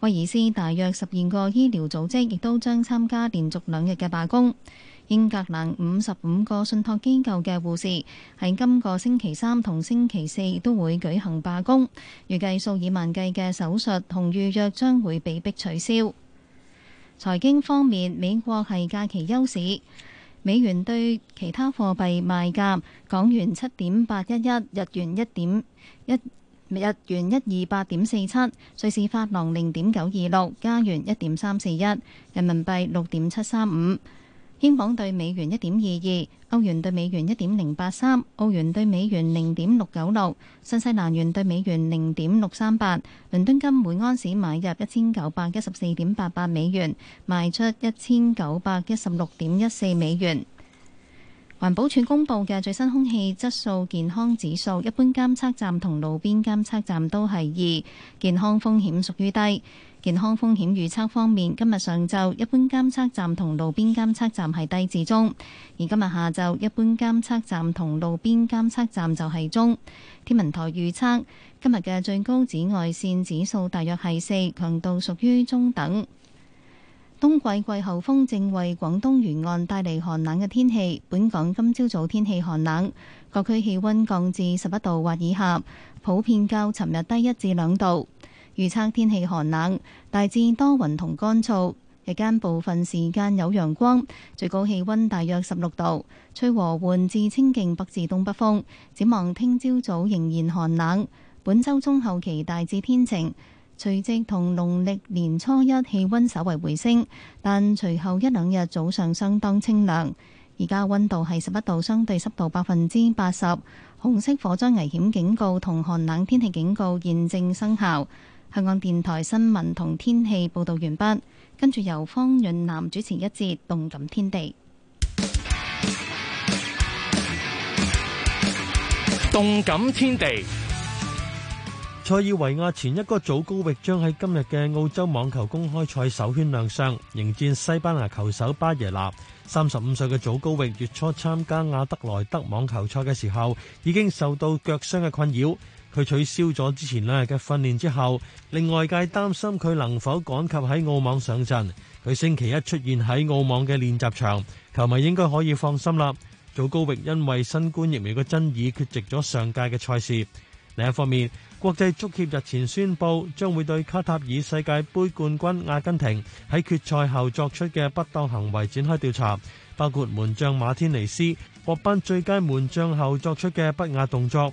威爾斯大約十二個醫療組織亦都將參加連續兩日嘅罷工。英格蘭五十五個信託機構嘅護士喺今個星期三同星期四都會舉行罷工，預計數以萬計嘅手術同預約將會被迫取消。財經方面，美國係假期休市，美元對其他貨幣賣價港元七點八一一，日元一點一，1，日元一二八點四七，瑞士法郎零點九二六，加元一點三四一，人民幣六點七三五。英鎊兌美元一點二二，歐元兌美元一點零八三，澳元兌美元零點六九六，新西蘭元兌美元零點六三八。倫敦金每安士買入一千九百一十四點八八美元，賣出一千九百一十六點一四美元。環保署公布嘅最新空氣質素健康指數，一般監測站同路邊監測站都係二，健康風險屬於低。健康風險預測方面，今日上晝一般監測站同路邊監測站係低至中，而今日下晝一般監測站同路邊監測站就係中。天文台預測今日嘅最高紫外線指數大約係四，強度屬於中等。冬季季候風正為廣東沿岸帶嚟寒冷嘅天氣，本港今朝早，早天氣寒冷，各區氣溫降至十一度或以下，普遍較尋日低一至兩度。預測天氣寒冷，大致多雲同乾燥，日間部分時間有陽光，最高氣温大約十六度，吹和緩至清勁北至東北風。展望聽朝早，早仍然寒冷，本週中後期大致天晴，除夕同農曆年初一氣温稍為回升，但隨後一兩日早上相當清涼。而家温度係十一度，相對濕度百分之八十，紅色火災危險警告同寒冷天氣警告現正生效。香港電台新聞同天氣報道完畢，跟住由方潤南主持一節《動感天地》。《動感天地》。塞爾維亞前一哥祖高域將喺今日嘅澳洲網球公開賽首圈亮相，迎戰西班牙球手巴耶納。三十五歲嘅祖高域月初參加亞德萊德網球賽嘅時候，已經受到腳傷嘅困擾。佢取消咗之前兩日嘅訓練之後，令外界擔心佢能否趕及喺澳網上陣。佢星期一出現喺澳網嘅練習場，球迷應該可以放心啦。祖高域因為新冠疫苗嘅爭議缺席咗上屆嘅賽事。另一方面，國際足協日前宣布，將會對卡塔爾世界盃冠軍阿根廷喺決賽後作出嘅不當行為展開調查，包括門將馬天尼斯獲頒最佳門將後作出嘅不雅動作。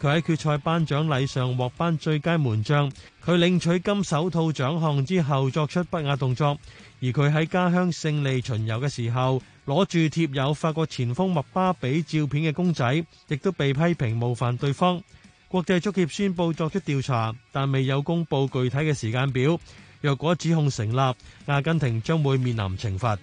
佢喺決賽頒獎禮上獲頒最佳門將，佢領取金手套獎項之後作出不雅動作，而佢喺家鄉勝利巡遊嘅時候攞住貼有法國前鋒麥巴比照片嘅公仔，亦都被批評冒犯對方。國際足協宣布作出調查，但未有公布具體嘅時間表。若果指控成立，阿根廷將會面臨懲罰。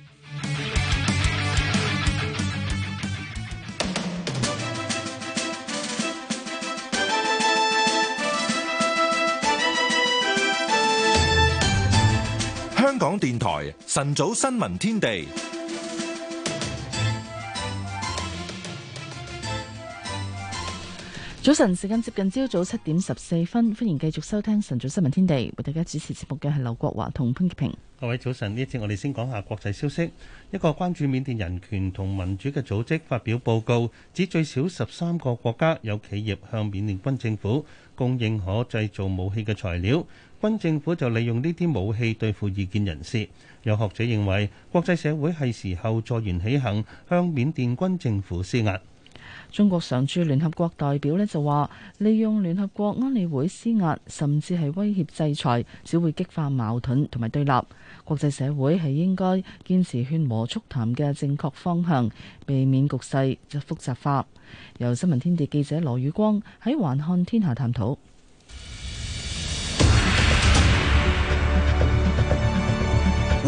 香港電台晨早新聞天地，早晨時間接近朝早七點十四分，歡迎繼續收聽晨早新聞天地。為大家主持節目嘅係劉國華同潘潔平。各位早晨，呢一次我哋先講下國際消息。一個關注緬甸人權同民主嘅組織發表報告，指最少十三個國家有企業向緬甸軍政府供應可製造武器嘅材料。軍政府就利用呢啲武器對付異見人士，有學者認為國際社會係時候坐言起行，向緬甸軍政府施壓。中國常駐聯合國代表呢就話：利用聯合國安理會施壓，甚至係威脅制裁，只會激化矛盾同埋對立。國際社會係應該堅持勸和促談嘅正確方向，避免局勢就複雜化。由新聞天地記者羅宇光喺環看天下探討。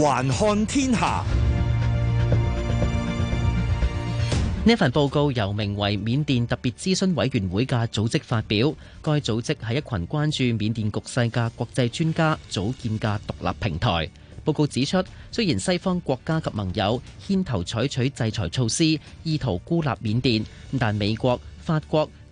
環看天下，呢份報告由名為緬甸特別諮詢委員會嘅組織發表。該組織係一群關注緬甸局勢嘅國際專家組建嘅獨立平台。報告指出，雖然西方國家及盟友牽頭採取制裁措施，意圖孤立緬甸，但美國、法國、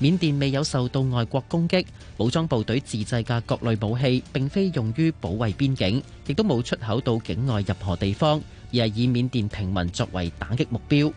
緬甸未有受到外國攻擊，武裝部隊自製嘅各類武器，並非用於保衛邊境，亦都冇出口到境外任何地方，而係以緬甸平民作為打擊目標。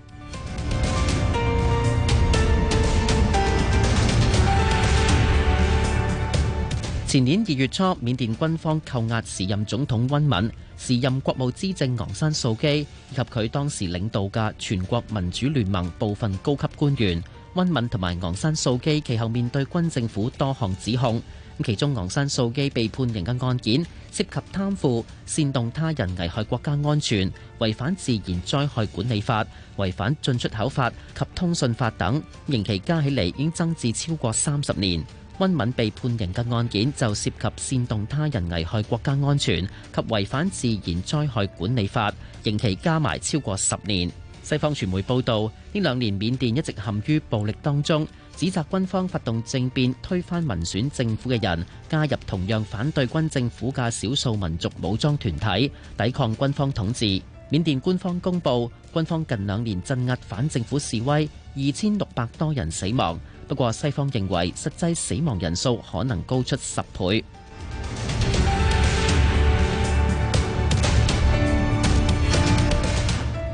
前年二月初，緬甸軍方扣押時任總統温敏、時任國務資政昂山素基以及佢當時領導嘅全國民主聯盟部分高級官員。温敏同埋昂山素基其後面對軍政府多項指控，咁其中昂山素基被判刑嘅案件涉及貪腐、煽動他人危害國家安全、違反自然災害管理法、違反進出口法及通訊法等，刑期加起嚟已經增至超過三十年。温敏被判刑嘅案件就涉及煽動他人危害國家安全及違反自然災害管理法，刑期加埋超過十年。西方傳媒報導，呢兩年緬甸一直陷於暴力當中，指責軍方發動政變推翻民選政府嘅人，加入同樣反對軍政府嘅少數民族武裝團體抵抗軍方統治。緬甸官方公布，軍方近兩年鎮壓反政府示威，二千六百多人死亡，不過西方認為實際死亡人數可能高出十倍。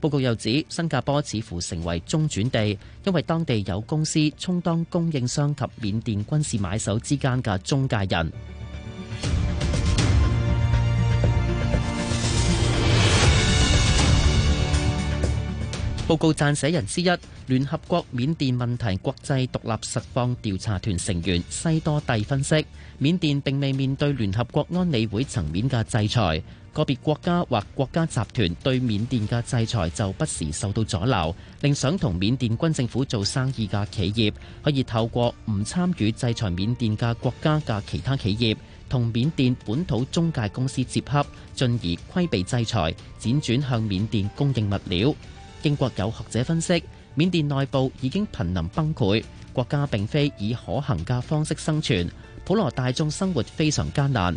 報告又指，新加坡似乎成為中轉地，因為當地有公司充當供應商及緬甸軍事買手之間嘅中介人。報告撰寫人之一、聯合國緬甸問題國際獨立實況調查團成員西多蒂分析，緬甸並未面對聯合國安理會層面嘅制裁。個別國家或國家集團對緬甸嘅制裁就不時受到阻滯，令想同緬甸軍政府做生意嘅企業可以透過唔參與制裁緬甸嘅國家嘅其他企業，同緬甸本土中介公司接洽，進而規避制裁，輾轉向緬甸供應物料。英國有學者分析，緬甸內部已經瀕臨崩潰，國家並非以可行嘅方式生存，普羅大眾生活非常艱難。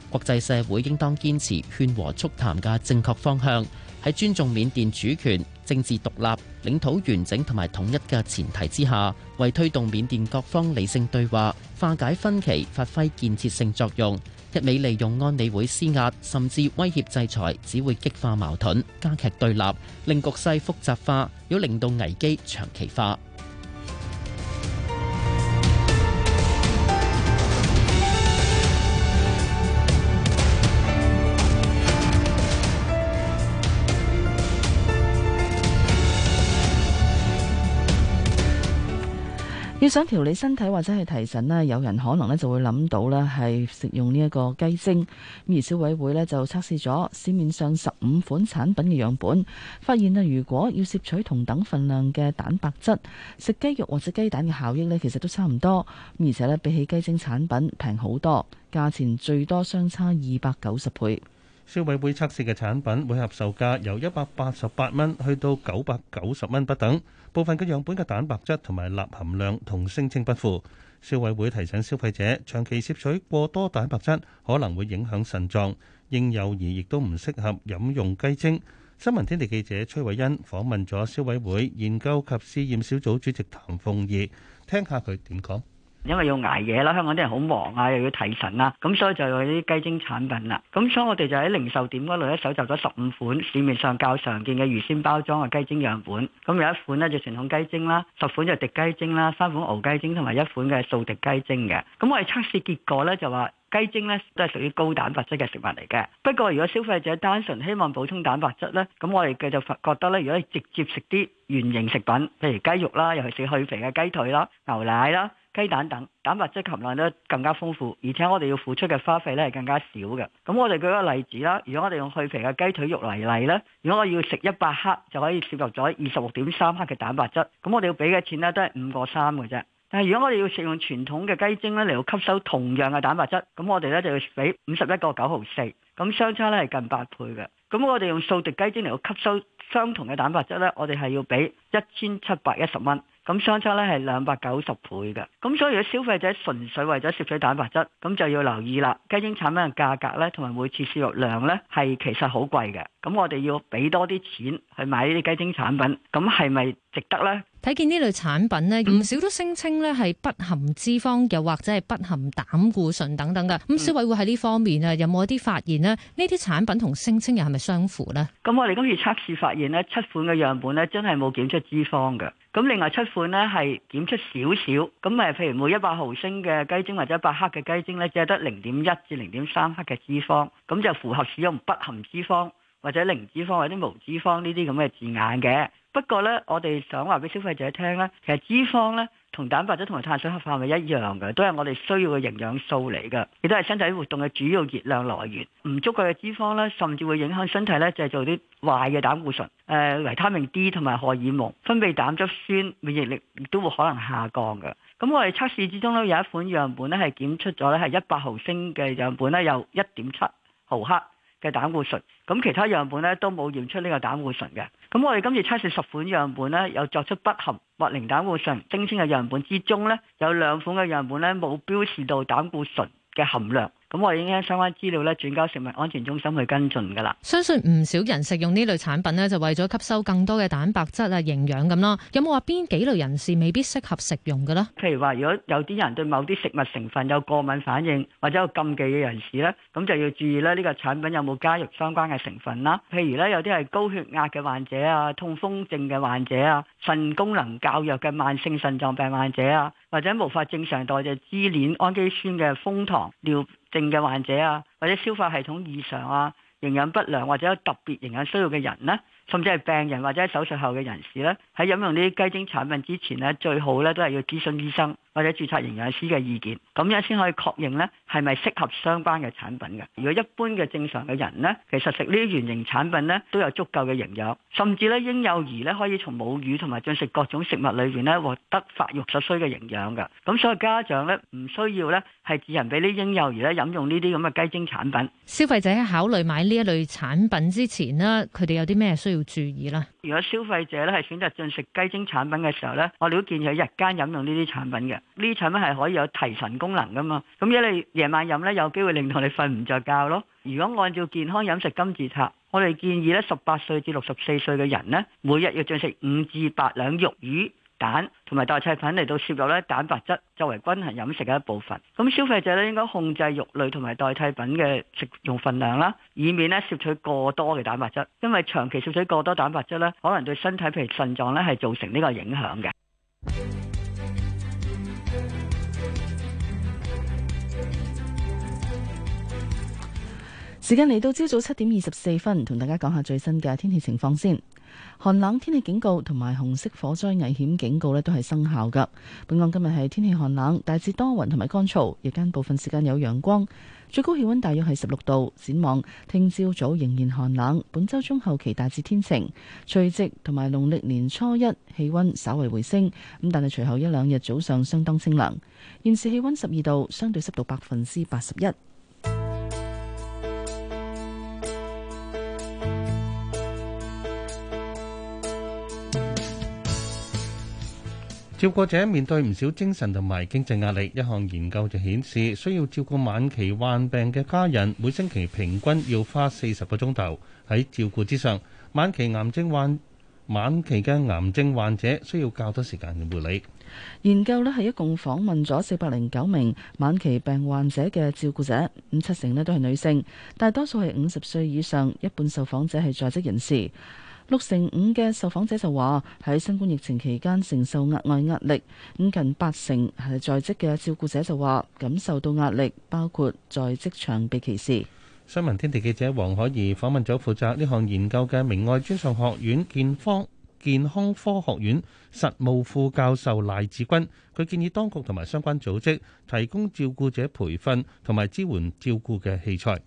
國際社會應當堅持勸和促談嘅正確方向，喺尊重緬甸主權、政治獨立、領土完整同埋統一嘅前提之下，為推動緬甸各方理性對話、化解分歧，發揮建設性作用。一味利用安理會施壓，甚至威脅制裁，只會激化矛盾，加劇對立，令局勢複雜化，要令到危機長期化。要想調理身體或者係提神咧，有人可能咧就會諗到咧係食用呢一個雞精。咁而消委會咧就測試咗市面上十五款產品嘅樣本，發現啊，如果要攝取同等份量嘅蛋白質，食雞肉或者雞蛋嘅效益咧，其實都差唔多。而且咧比起雞精產品平好多，價錢最多相差二百九十倍。消委會測試嘅產品，每盒售價由一百八十八蚊去到九百九十蚊不等。部分嘅樣本嘅蛋白質同埋鈉含量同聲稱不符，消委會提醒消費者長期攝取過多蛋白質可能會影響腎臟，嬰幼兒亦都唔適合飲用雞精。新聞天地記者崔偉欣訪問咗消委會研究及試驗小組主席譚鳳儀，聽下佢點講。因為要捱夜啦，香港啲人好忙啊，又要提神啦、啊，咁所以就有啲雞精產品啦。咁所以我哋就喺零售點嗰度咧搜集咗十五款市面上較常見嘅預先包裝嘅雞精樣本。咁有一款咧就傳統雞精啦，十款就滴雞精啦，三款熬雞精同埋一款嘅素滴雞精嘅。咁我哋測試結果咧就話雞精咧都係屬於高蛋白質嘅食物嚟嘅。不過如果消費者單純希望補充蛋白質咧，咁我哋嘅就覺得咧，如果直接食啲原型食品，譬如雞肉啦，尤其是去肥嘅雞腿啦、牛奶啦。雞蛋等蛋白質含量咧更加豐富，而且我哋要付出嘅花費咧係更加少嘅。咁我哋舉個例子啦，如果我哋用去皮嘅雞腿肉嚟例咧，如果我要食一百克，就可以攝入咗二十六點三克嘅蛋白質。咁我哋要俾嘅錢呢都係五個三嘅啫。但係如果我哋要食用傳統嘅雞精呢嚟到吸收同樣嘅蛋白質，咁我哋呢就要俾五十一個九毫四，咁相差呢係近八倍嘅。咁我哋用數滴雞精嚟到吸收相同嘅蛋白質呢，我哋係要俾一千七百一十蚊。咁相差咧係兩百九十倍嘅，咁所以如果消費者純粹為咗攝取蛋白質，咁就要留意啦。雞精產品嘅價格咧，同埋每次攝入量咧，係其實好貴嘅。咁我哋要俾多啲錢去買呢啲雞精產品，咁係咪值得咧？睇見呢類產品咧，唔少都聲稱咧係不含脂肪，又或者係不含膽固醇等等嘅。咁消委會喺呢方面啊，有冇一啲發現呢？呢啲產品同聲稱又係咪相符咧？咁我哋今次測試發現咧，七款嘅樣本咧，真係冇檢出脂肪嘅。咁另外七款咧係檢出少少，咁誒，譬如每一百毫升嘅雞精或者一百克嘅雞精咧，只係得零點一至零點三克嘅脂肪，咁就符合使用不含脂肪或者零脂肪或者無脂肪呢啲咁嘅字眼嘅。不過咧，我哋想話俾消費者聽咧，其實脂肪咧，同蛋白質同埋碳水化合物一樣嘅，都係我哋需要嘅營養素嚟嘅，亦都係身體活動嘅主要熱量來源。唔足夠嘅脂肪咧，甚至會影響身體咧，製造啲壞嘅膽固醇。誒，維他命 D 同埋荷爾蒙分泌膽汁酸，免疫力亦都會可能下降嘅。咁我哋測試之中咧，有一款樣本咧係檢出咗咧，係一百毫升嘅樣本咧，有一點七毫克。嘅膽固醇，咁其他樣本咧都冇驗出呢個膽固醇嘅。咁我哋今次測試十款樣本咧，有作出不含或零膽固醇聲稱嘅樣本之中咧，有兩款嘅樣本咧冇標示到膽固醇嘅含量。咁我已經將相關資料咧轉交食物安全中心去跟進噶啦。相信唔少人食用呢類產品咧，就為咗吸收更多嘅蛋白質啊、營養咁咯。有冇話邊幾類人士未必適合食用嘅咧？譬如話，如果有啲人對某啲食物成分有過敏反應或者有禁忌嘅人士咧，咁就要注意咧呢個產品有冇加入相關嘅成分啦。譬如咧，有啲係高血壓嘅患者啊、痛風症嘅患者啊、腎功能較弱嘅慢性腎臟病患者啊。或者無法正常代謝支鏈氨基酸嘅楓糖尿症嘅患者啊，或者消化系統異常啊、營養不良或者有特別營養需要嘅人咧。甚至係病人或者喺手術後嘅人士咧，喺飲用呢啲雞精產品之前咧，最好咧都係要諮詢醫生或者註冊營養師嘅意見，咁樣先可以確認呢係咪適合相關嘅產品嘅。如果一般嘅正常嘅人呢，其實食呢啲原型產品咧都有足夠嘅營養，甚至呢，嬰幼兒呢，可以從母乳同埋進食各種食物裏邊呢，獲得發育所需嘅營養嘅。咁所以家長呢，唔需要呢係自行俾啲嬰幼兒咧飲用呢啲咁嘅雞精產品。消費者喺考慮買呢一類產品之前呢，佢哋有啲咩需要？注意啦！如果消費者咧係選擇進食雞精產品嘅時候咧，我哋都建議喺日間飲用呢啲產品嘅。呢啲產品係可以有提神功能噶嘛。咁如果你夜晚飲咧，有機會令到你瞓唔着覺咯。如果按照健康飲食金字塔，我哋建議咧，十八歲至六十四歲嘅人咧，每日要進食五至八兩肉魚。蛋同埋代替品嚟到攝入咧蛋白質，作為均衡飲食嘅一部分。咁消費者咧應該控制肉類同埋代替品嘅食用分量啦，以免咧攝取過多嘅蛋白質，因為長期攝取過多蛋白質咧，可能對身體譬如腎臟咧係造成呢個影響嘅。時間嚟到朝早七點二十四分，同大家講下最新嘅天氣情況先。寒冷天氣警告同埋紅色火災危險警告咧都係生效噶。本港今日係天氣寒冷，大致多雲同埋乾燥，日間部分時間有陽光，最高氣溫大約係十六度。展望聽朝早仍然寒冷，本周中後期大致天晴，除夕同埋農曆年初一氣溫稍為回升，咁但係隨後一兩日早上相當清涼。現時氣溫十二度，相對濕度百分之八十一。照顧者面對唔少精神同埋經濟壓力，一項研究就顯示，需要照顧晚期患病嘅家人，每星期平均要花四十個鐘頭喺照顧之上。晚期癌症患晚期嘅癌症患者需要較多時間嘅護理。研究呢係一共訪問咗四百零九名晚期病患者嘅照顧者，五七成呢都係女性，大多數係五十歲以上，一半受訪者係在職人士。六成五嘅受訪者就話喺新冠疫情期間承受額外壓力，咁近八成係在職嘅照顧者就話感受到壓力，包括在職場被歧視。新聞天地記者黃海怡訪問咗負責呢項研究嘅明愛專上學院健康健康科學院實務副教授賴志軍，佢建議當局同埋相關組織提供照顧者培訓同埋支援照顧嘅器材。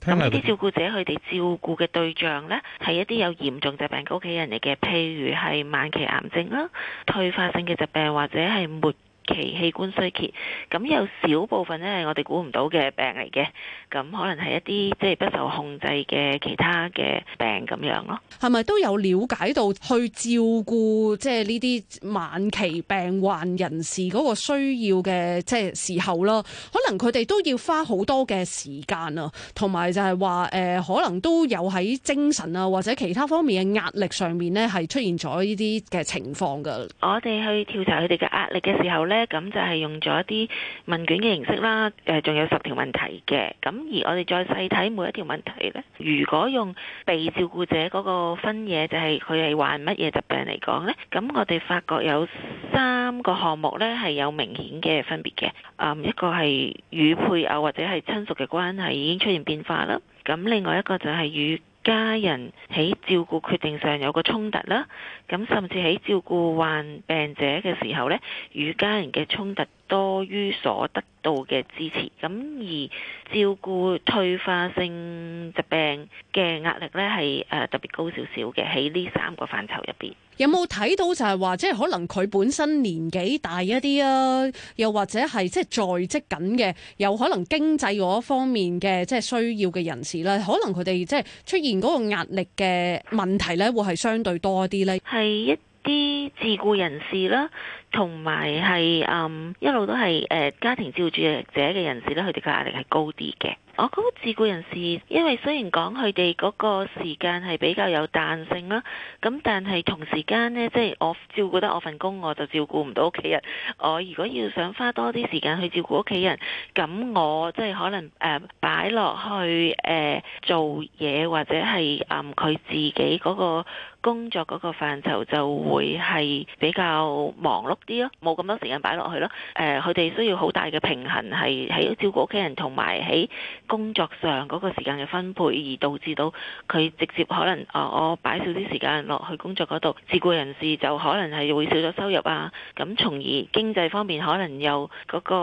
咁呢啲照顧者佢哋照顧嘅對象呢，係一啲有嚴重疾病嘅屋企人嚟嘅，譬如係晚期癌症啦、退化性嘅疾病或者係末其器官衰竭，咁有少部分咧，係我哋估唔到嘅病嚟嘅，咁可能係一啲即係不受控制嘅其他嘅病咁樣咯。係咪都有了解到去照顧即係呢啲晚期病患人士嗰個需要嘅即係時候咯？可能佢哋都要花好多嘅時間啊，同埋就係話誒，可能都有喺精神啊或者其他方面嘅壓力上面咧，係出現咗呢啲嘅情況噶。我哋去調查佢哋嘅壓力嘅時候咧。咁就係用咗一啲問卷嘅形式啦，誒、呃，仲有十條問題嘅，咁而我哋再細睇每一條問題呢，如果用被照顧者嗰個分野，就係佢係患乜嘢疾病嚟講呢？咁我哋發覺有三個項目呢，係有明顯嘅分別嘅，誒、呃，一個係與配偶或者係親屬嘅關係已經出現變化啦，咁另外一個就係與家人喺照顧決定上有個衝突啦，咁甚至喺照顧患病者嘅時候呢，與家人嘅衝突。多於所得到嘅支持，咁而照顧退化性疾病嘅壓力咧，係誒、呃、特別高少少嘅喺呢三個範疇入邊。有冇睇到就係話，即係可能佢本身年紀大一啲啊，又或者係即係在職緊嘅，有可能經濟嗰方面嘅即係需要嘅人士啦。可能佢哋即係出現嗰個壓力嘅問題呢，會係相對多一啲呢。係一啲自僱人士啦。同埋係一路都係誒、呃、家庭照顧者嘅人士咧，佢哋個壓力係高啲嘅。我、哦、嗰、那個自僱人士，因為雖然講佢哋嗰個時間係比較有彈性啦，咁但係同時間呢，即、就、係、是、我照顧得我份工，我就照顧唔到屋企人。我如果要想花多啲時間去照顧屋企人，咁我即係可能誒擺落去誒、呃、做嘢或者係佢、嗯、自己嗰、那個工作嗰個範疇就會係比較忙碌啲咯，冇咁多時間擺落去咯。誒、呃，佢哋需要好大嘅平衡，係喺照顧屋企人同埋喺工作上嗰個時間嘅分配，而導致到佢直接可能啊、呃，我擺少啲時間落去工作嗰度，自僱人士就可能係會少咗收入啊。咁從而經濟方面可能又嗰個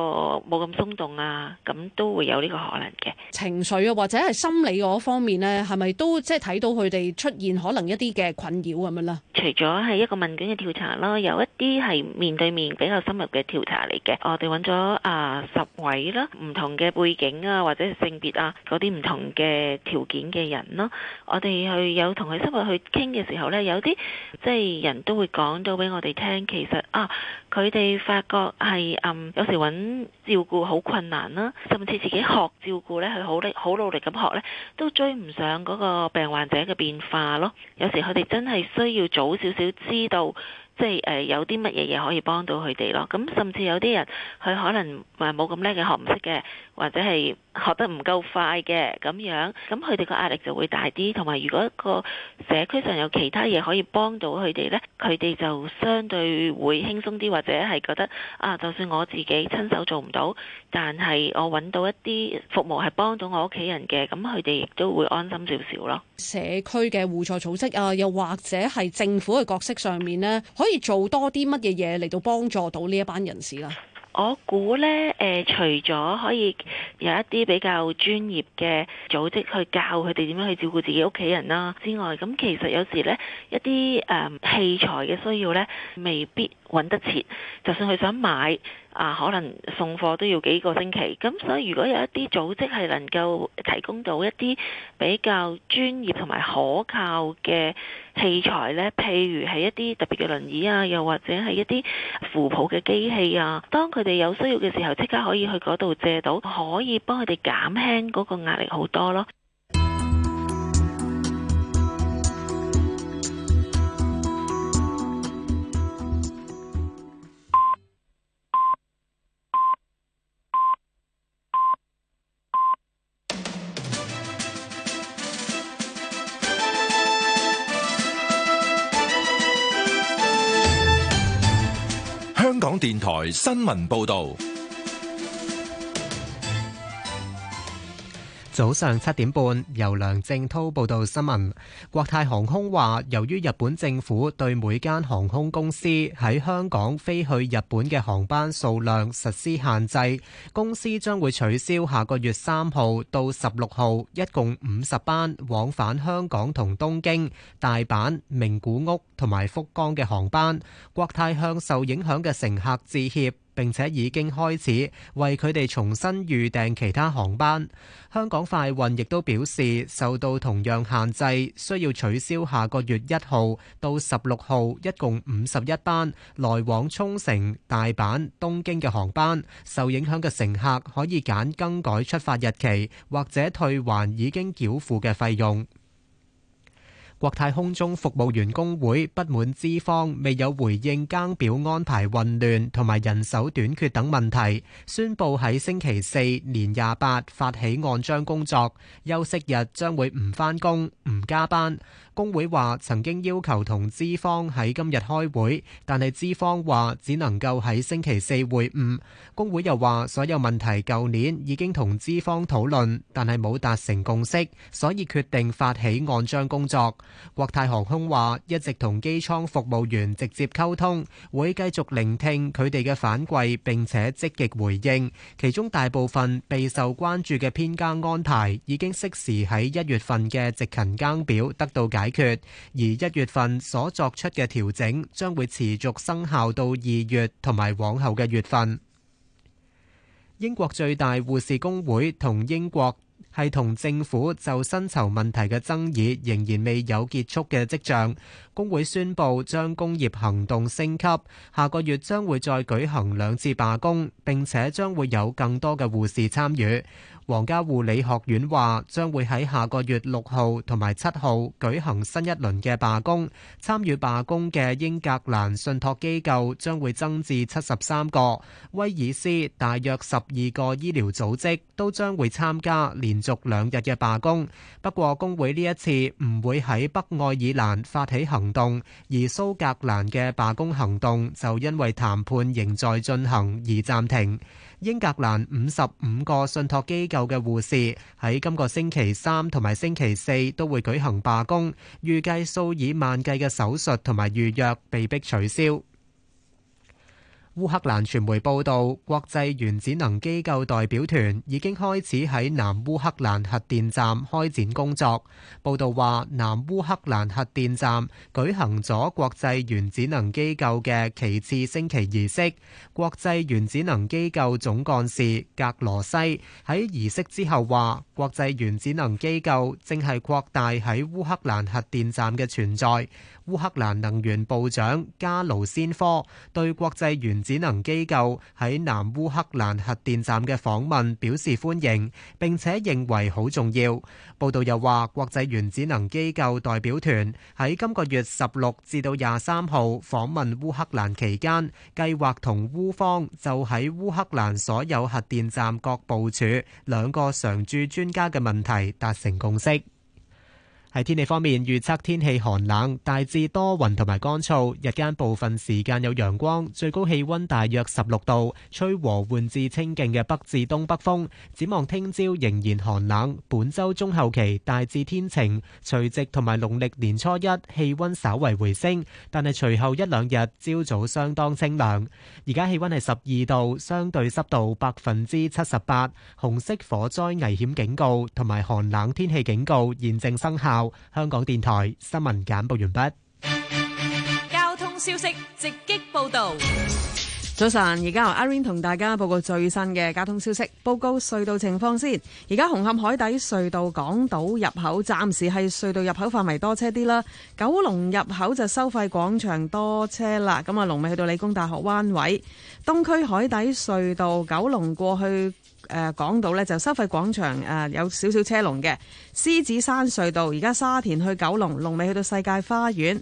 冇咁鬆動啊，咁都會有呢個可能嘅情緒啊，或者係心理嗰方面咧，係咪都即係睇到佢哋出現可能一啲嘅？除咗係一個問卷嘅調查啦，有一啲係面對面比較深入嘅調查嚟嘅。我哋揾咗啊十位啦，唔同嘅背景啊，或者係性別啊，嗰啲唔同嘅條件嘅人咯。我哋去有同佢深入去傾嘅時候呢，有啲即係人都會講咗俾我哋聽，其實啊，佢哋發覺係，嗯，有時揾照顧好困難啦，啊，甚至自己學照顧呢，佢好好努力咁學呢，都追唔上嗰個病患者嘅變化咯。有時佢哋。真係需要早少少知道，即係誒、呃、有啲乜嘢嘢可以幫到佢哋咯。咁甚至有啲人，佢可能話冇咁叻嘅學唔識嘅，或者係。學得唔夠快嘅咁樣，咁佢哋個壓力就會大啲，同埋如果個社區上有其他嘢可以幫到佢哋呢，佢哋就相對會輕鬆啲，或者係覺得啊，就算我自己親手做唔到，但係我揾到一啲服務係幫到我屋企人嘅，咁佢哋亦都會安心少少咯。社區嘅互助組織啊，又或者係政府嘅角色上面呢，可以做多啲乜嘢嘢嚟到幫助到呢一班人士啦。我估呢，誒、呃、除咗可以有一啲比較專業嘅組織去教佢哋點樣去照顧自己屋企人啦之外，咁、嗯、其實有時呢，一啲誒、嗯、器材嘅需要呢，未必揾得切，就算佢想買。啊，可能送貨都要幾個星期，咁所以如果有一啲組織係能夠提供到一啲比較專業同埋可靠嘅器材呢，譬如係一啲特別嘅輪椅啊，又或者係一啲輔助嘅機器啊，當佢哋有需要嘅時候，即刻可以去嗰度借到，可以幫佢哋減輕嗰個壓力好多咯。港電台新聞報道。早上七點半，由梁正滔報道新聞。國泰航空話，由於日本政府對每間航空公司喺香港飛去日本嘅航班數量實施限制，公司將會取消下個月三號到十六號一共五十班往返香港同東京、大阪、名古屋同埋福岡嘅航班。國泰向受影響嘅乘客致歉。並且已經開始為佢哋重新預訂其他航班。香港快運亦都表示受到同樣限制，需要取消下個月一號到十六號一共五十一班來往沖繩、大阪、東京嘅航班。受影響嘅乘客可以揀更改出發日期，或者退還已經繳付嘅費用。國泰空中服務員工會不滿資方未有回應更表安排混亂同埋人手短缺等問題，宣布喺星期四年廿八發起按章工作，休息日將會唔返工、唔加班。工會話曾經要求同資方喺今日開會，但係資方話只能夠喺星期四會晤。工會又話所有問題舊年已經同資方討論，但係冇達成共識，所以決定發起按章工作。國泰航空話一直同機艙服務員直接溝通，會繼續聆聽佢哋嘅反饋，並且積極回應。其中大部分備受關注嘅編更安排已經適時喺一月份嘅值勤更表得到解解決，1> 而一月份所作出嘅調整將會持續生效到二月同埋往後嘅月份。英國最大護士工會同英國係同政府就薪酬問題嘅爭議仍然未有結束嘅跡象。工會宣布將工業行動升級，下個月將會再舉行兩次罷工，並且將會有更多嘅護士參與。皇家護理學院話將會喺下個月六號同埋七號舉行新一輪嘅罷工，參與罷工嘅英格蘭信託機構將會增至七十三個，威爾斯大約十二個醫療組織都將會參加連續兩日嘅罷工。不過工會呢一次唔會喺北愛爾蘭發起行動，而蘇格蘭嘅罷工行動就因為談判仍在進行而暫停。英格蘭五十五個信託機構嘅護士喺今個星期三同埋星期四都會舉行罷工，預計數以萬計嘅手術同埋預約被迫取消。烏克蘭傳媒報道，國際原子能機構代表團已經開始喺南烏克蘭核電站開展工作。報道話，南烏克蘭核電站舉行咗國際原子能機構嘅旗次升旗儀式。國際原子能機構總幹事格羅西喺儀式之後話，國際原子能機構正係擴大喺烏克蘭核電站嘅存在。烏克蘭能源部長加盧先科對國際原子能機構喺南烏克蘭核電站嘅訪問表示歡迎，並且認為好重要。報道又話，國際原子能機構代表團喺今個月十六至到廿三號訪問烏克蘭期間，計劃同烏方就喺烏克蘭所有核電站各部署兩個常駐專家嘅問題達成共識。喺天氣方面，預測天氣寒冷，大致多雲同埋乾燥，日間部分時間有陽光，最高氣溫大約十六度，吹和緩至清勁嘅北至東北風。展望聽朝仍然寒冷，本周中後期大致天晴，除夕同埋農曆年初一氣溫稍為回升，但係隨後一兩日朝早相當清涼。而家氣溫係十二度，相對濕度百分之七十八，紅色火災危險警告同埋寒冷天氣警告現正生效。香港電台新聞簡報完畢。交通消息直擊報道。早晨，而家由 Irene 同大家報告最新嘅交通消息。報告隧道情況先。而家紅磡海底隧道港島入口暫時係隧道入口範圍多車啲啦。九龍入口就收費廣場多車啦。咁啊龍尾去到理工大學彎位，東區海底隧道九龍過去誒、呃、港島呢就收費廣場誒、呃、有少少車龍嘅。獅子山隧道而家沙田去九龍龍尾去到世界花園。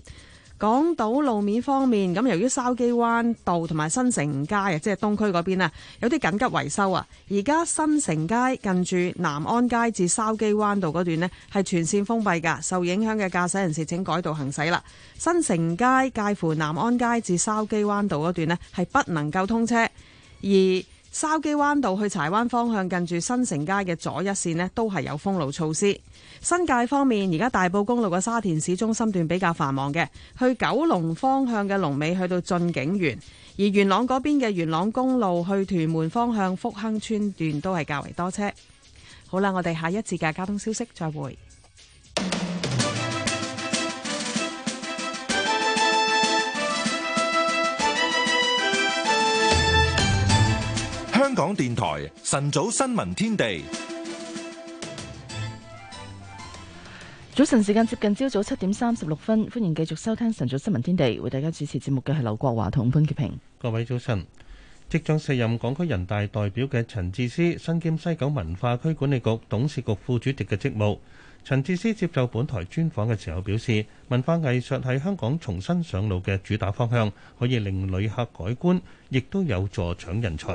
港島路面方面，咁由於筲箕灣道同埋新城街啊，即係東區嗰邊啊，有啲緊急維修啊，而家新城街近住南安街至筲箕灣道嗰段咧，係全線封閉㗎，受影響嘅駕駛人士請改道行駛啦。新城街介乎南安街至筲箕灣道嗰段咧，係不能夠通車，而筲箕灣道去柴灣方向，近住新成街嘅左一線咧，都係有封路措施。新界方面，而家大埔公路嘅沙田市中心段比較繁忙嘅，去九龍方向嘅龍尾去到駿景園，而元朗嗰邊嘅元朗公路去屯門方向福亨村段都係較為多車。好啦，我哋下一次嘅交通消息再會。香港電台晨早新聞天地，早晨時間接近朝早七點三十六分，歡迎繼續收聽晨早新聞天地，為大家主持節目嘅係劉國華同潘潔平。各位早晨，即將卸任港區人大代表嘅陳智思，身兼西九文化區管理局董事局副主席嘅職務。陳智思接受本台專訪嘅時候表示，文化藝術喺香港重新上路嘅主打方向，可以令旅客改觀，亦都有助搶人才。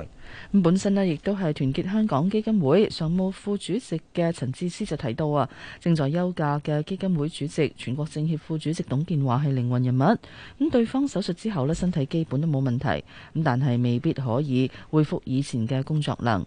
咁本身呢，亦都係團結香港基金會常務副主席嘅陳智思就提到啊，正在休假嘅基金會主席、全國政協副主席董建華係靈魂人物。咁對方手術之後呢，身體基本都冇問題，咁但係未必可以恢復以前嘅工作量。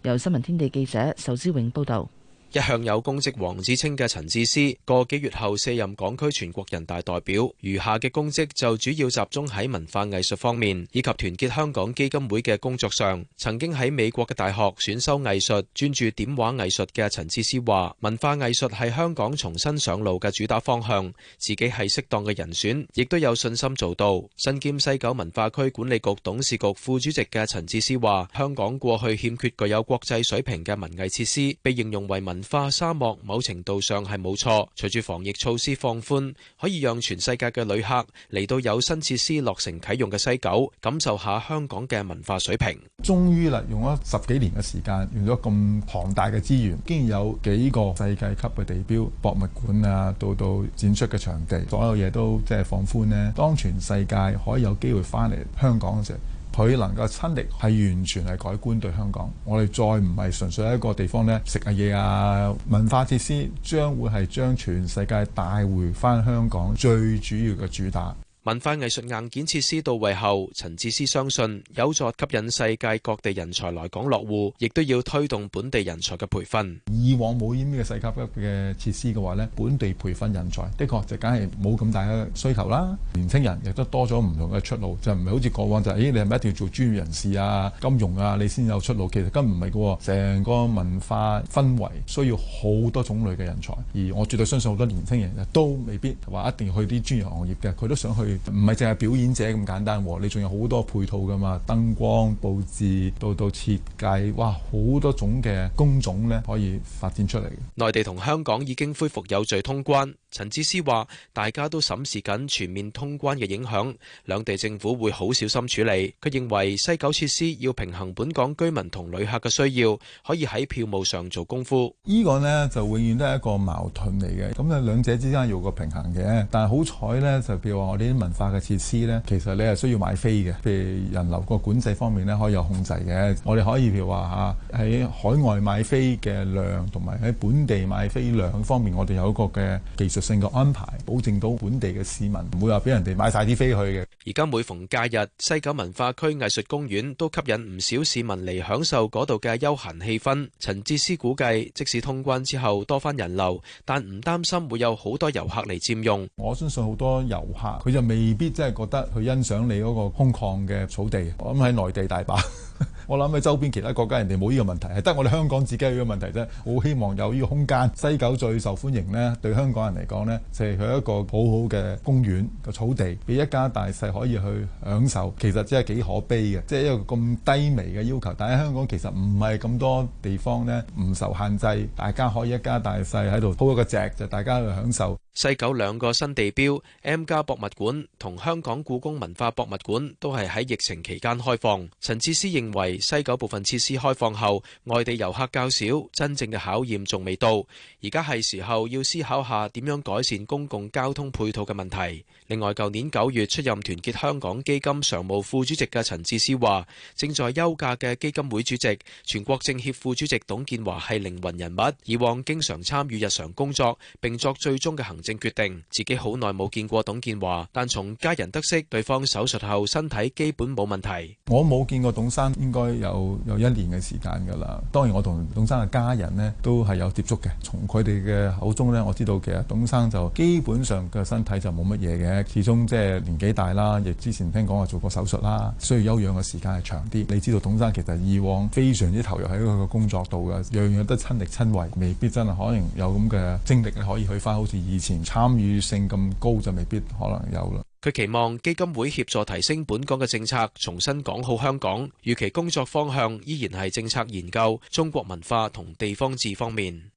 由新聞天地記者仇之永報導。一向有公職王之稱的陳智思，個幾月後卸任港區全國人大代表，餘下的公職就主要集中在文化藝術方面，以及團結香港基金會的工作上，曾經在美國的大學，選修藝術，專注點畫藝術的陳智思話，文化藝術是香港重新上路的主打方向，自己是適當的人選，亦都有信心做到。身兼西九文化區管理局董事局副主席的陳智思話，香港過去欠缺具有國際水平的文藝設施，被應用為文，文化沙漠，某程度上係冇錯。隨住防疫措施放寬，可以讓全世界嘅旅客嚟到有新設施落成啟用嘅西九，感受下香港嘅文化水平。終於啦，用咗十幾年嘅時間，用咗咁龐大嘅資源，竟然有幾個世界級嘅地標博物館啊，到到展出嘅場地，所有嘢都即係放寬咧。當全世界可以有機會翻嚟香港嘅時候。佢能夠親力係完全係改觀對香港，我哋再唔係純粹一個地方咧食下嘢啊，文化設施將會係將全世界帶回返香港最主要嘅主打。文化藝術硬件設施到位後，陳智思相信有助吸引世界各地人才來港落戶，亦都要推動本地人才嘅培訓。以往冇呢啲世界級嘅設施嘅話咧，本地培訓人才的確就梗係冇咁大嘅需求啦。年輕人亦都多咗唔同嘅出路，就唔係好似過往就誒、是哎，你係咪一定要做專業人士啊、金融啊，你先有出路？其實根本唔係嘅，成個文化氛圍需要好多種類嘅人才，而我絕對相信好多年輕人亦都未必話一定要去啲專業行業嘅，佢都想去。唔係淨係表演者咁簡單喎，你仲有好多配套㗎嘛，燈光佈置到到設計，哇，好多種嘅工種咧可以發展出嚟。內地同香港已經恢復有序通關，陳智思話：大家都審視緊全面通關嘅影響，兩地政府會好小心處理。佢認為西九設施要平衡本港居民同旅客嘅需要，可以喺票務上做功夫。呢個呢，就永遠都係一個矛盾嚟嘅，咁啊兩者之間要個平衡嘅，但係好彩呢，就譬如話我哋。文化嘅設施咧，其實你係需要買飛嘅，譬如人流個管制方面咧，可以有控制嘅。我哋可以譬如話吓，喺海外買飛嘅量同埋喺本地買飛量方面，我哋有一個嘅技術性嘅安排，保證到本地嘅市民唔會話俾人哋買晒啲飛去嘅。而家每逢假日，西九文化區藝術公園都吸引唔少市民嚟享受嗰度嘅休閒氣氛。陳志思估計即使通關之後多翻人流，但唔擔心會有好多遊客嚟佔用。我相信好多遊客佢就未必真係覺得去欣賞你嗰個空曠嘅草地，我諗喺內地大把。 我諗喺周邊其他國家，人哋冇呢個問題，係得我哋香港自己有呢個問題啫。我好希望有呢個空間。西九最受歡迎呢，對香港人嚟講呢，就係、是、佢一個好好嘅公園個草地，俾一家大細可以去享受。其實真係幾可悲嘅，即、就、係、是、一個咁低微嘅要求。但係香港其實唔係咁多地方呢，唔受限制，大家可以一家大細喺度鋪一個席，就是、大家去享受。西九兩個新地標 M 家博物館同香港故宮文化博物館都係喺疫情期間開放。陳智思認為西九部分設施開放後，外地遊客較少，真正嘅考驗仲未到。而家係時候要思考下點樣改善公共交通配套嘅問題。另外，舊年九月出任團結香港基金常務副主席嘅陳智思話，正在休假嘅基金會主席、全國政協副主席董建華係靈魂人物，以往經常參與日常工作並作最終嘅行政決定。自己好耐冇見過董建華，但從家人得悉對方手術後身體基本冇問題。我冇見過董生，應該有有一年嘅時間㗎啦。當然，我同董生嘅家人呢都係有接觸嘅，從佢哋嘅口中呢，我知道其實董生就基本上嘅身體就冇乜嘢嘅。始終即係年紀大啦，亦之前聽講話做過手術啦，需要休養嘅時間係長啲。你知道董生其實以往非常之投入喺佢嘅工作度㗎，樣樣都親力親為，未必真係可能有咁嘅精力可以去返，好似以前參與性咁高就未必可能有啦。佢期望基金會協助提升本港嘅政策，重新講好香港。預期工作方向依然係政策研究、中國文化同地方志方面。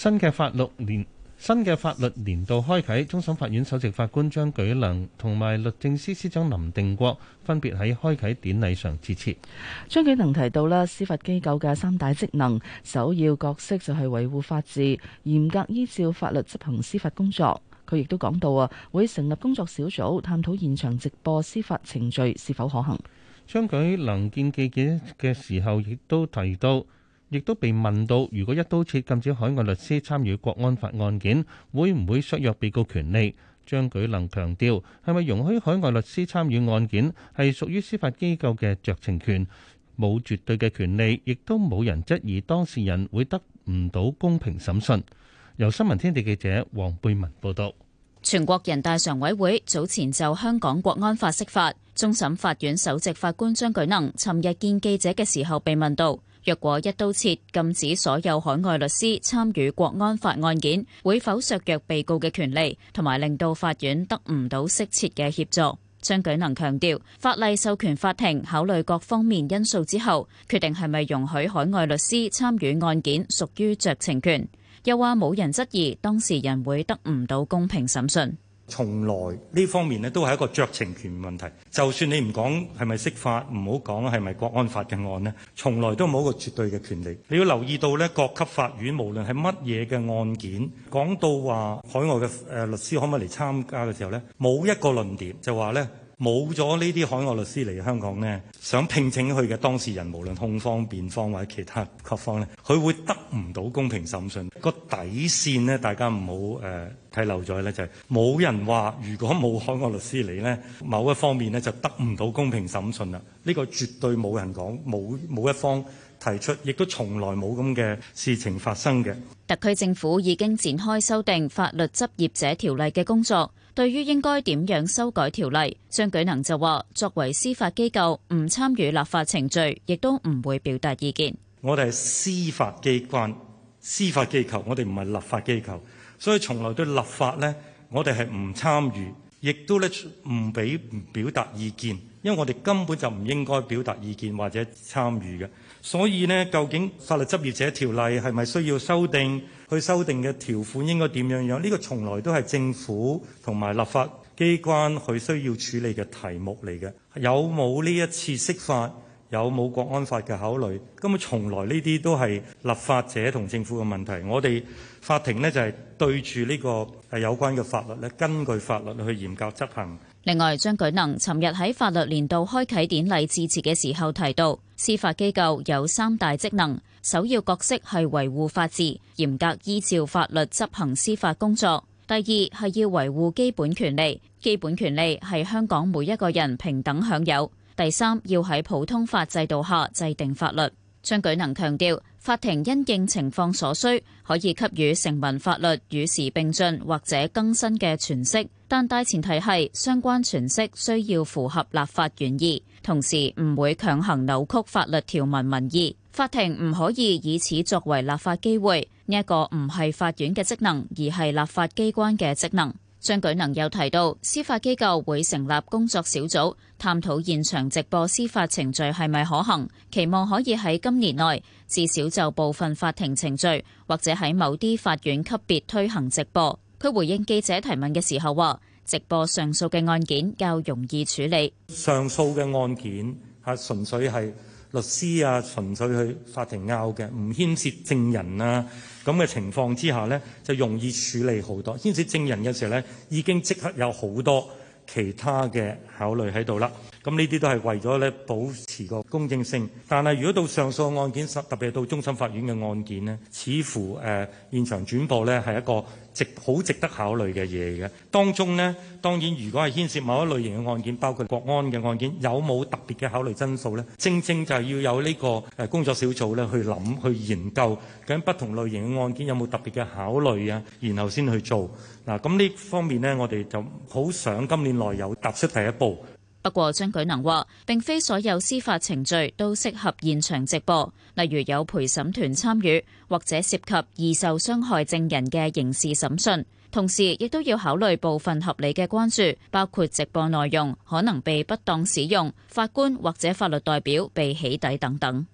新嘅法律年新嘅法律年度開啟，終審法院首席法官張舉能同埋律政司司長林定國分別喺開啟典禮上致辭。張舉能提到啦，司法機構嘅三大職能首要角色就係維護法治，嚴格依照法律執行司法工作。佢亦都講到啊，會成立工作小組探討現場直播司法程序是否可行。張舉能見記者嘅時候，亦都提到。亦都被問到，如果一刀切禁止海外律師參與國安法案件，會唔會削弱被告權利？張舉能強調，係咪容許海外律師參與案件係屬於司法機構嘅酌情權，冇絕對嘅權利，亦都冇人質疑當事人會得唔到公平審訊。由新聞天地記者黃貝文報道。全國人大常委會早前就香港國安法釋法，終審法院首席法官張舉能尋日見記者嘅時候被問到，若果一刀切禁止所有海外律師參與國安法案件，會否削弱被告嘅權利，同埋令到法院得唔到適切嘅協助？張舉能強調，法例授權法庭考慮各方面因素之後，決定係咪容許海外律師參與案件，屬於酌情權。又話冇人質疑當事人會得唔到公平審訊。從來呢方面咧，都係一個酌情權問題。就算你唔講係咪釋法，唔好講係咪國安法嘅案咧，從來都冇一個絕對嘅權利。你要留意到呢，各級法院無論係乜嘢嘅案件，講到話海外嘅誒律師可唔可以嚟參加嘅時候呢，冇一個論點，就話呢。冇咗呢啲海外律師嚟香港呢，想聘請佢嘅當事人，無論控方、辯方或者其他各方呢，佢會得唔到公平審訊。個底綫呢，大家唔好誒睇漏咗咧，就係、是、冇人話如果冇海外律師嚟呢某一方面呢，就得唔到公平審訊啦。呢、這個絕對冇人講，冇冇一方提出，亦都從來冇咁嘅事情發生嘅。特區政府已經展開修訂法律執業者條例嘅工作。對於應該點樣修改條例，張舉能就話：作為司法機構，唔參與立法程序，亦都唔會表達意見。我哋係司法機關、司法機構，我哋唔係立法機構，所以從來對立法呢，我哋係唔參與，亦都咧唔俾唔表達意見。因為我哋根本就唔應該表達意見或者參與嘅，所以呢，究竟《法律執業者條例》係咪需要修訂？佢修訂嘅條款應該點樣樣？呢個從來都係政府同埋立法機關佢需要處理嘅題目嚟嘅。有冇呢一次釋法？有冇國安法嘅考慮？根本從來呢啲都係立法者同政府嘅問題。我哋法庭呢，就係對住呢個有關嘅法律咧，根據法律去嚴格執行。另外，張舉能尋日喺法律年度開啟典禮致辭嘅時候提到，司法機構有三大職能，首要角色係維護法治，嚴格依照法律執行司法工作；第二係要維護基本權利，基本權利係香港每一個人平等享有；第三要喺普通法制度下制定法律。張舉能強調。法庭因應情況所需，可以給予成文法律與時並進或者更新嘅詮釋，但大前提係相關詮釋需要符合立法原意，同時唔會強行扭曲法律條文文義。法庭唔可以以此作為立法機會，呢、這、一個唔係法院嘅職能，而係立法機關嘅職能。張舉能又提到，司法機構會成立工作小組，探討現場直播司法程序係咪可行，期望可以喺今年內至少就部分法庭程序或者喺某啲法院級別推行直播。佢回應記者提問嘅時候話，直播上訴嘅案件較容易處理，上訴嘅案件係純粹係。律師啊，純粹去法庭拗嘅，唔牽涉證人啊，咁嘅情況之下咧，就容易處理好多。牽涉證人嘅時候咧，已經即刻有好多其他嘅考慮喺度啦。咁呢啲都係為咗咧保持個公正性。但係如果到上訴案件，實特別係到終審法院嘅案件咧，似乎誒、呃、現場轉播咧係一個。值好值得考慮嘅嘢嘅，當中呢，當然，如果係牽涉某一類型嘅案件，包括國安嘅案件，有冇特別嘅考慮增數呢？正正就係要有呢個誒工作小組咧去諗、去研究，究竟不同類型嘅案件有冇特別嘅考慮啊？然後先去做。嗱，咁呢方面呢，我哋就好想今年內有踏出第一步。不過，張舉能話，並非所有司法程序都適合現場直播，例如有陪審團參與或者涉及易受傷害證人嘅刑事審訊。同時，亦都要考慮部分合理嘅關注，包括直播內容可能被不當使用、法官或者法律代表被起底等等。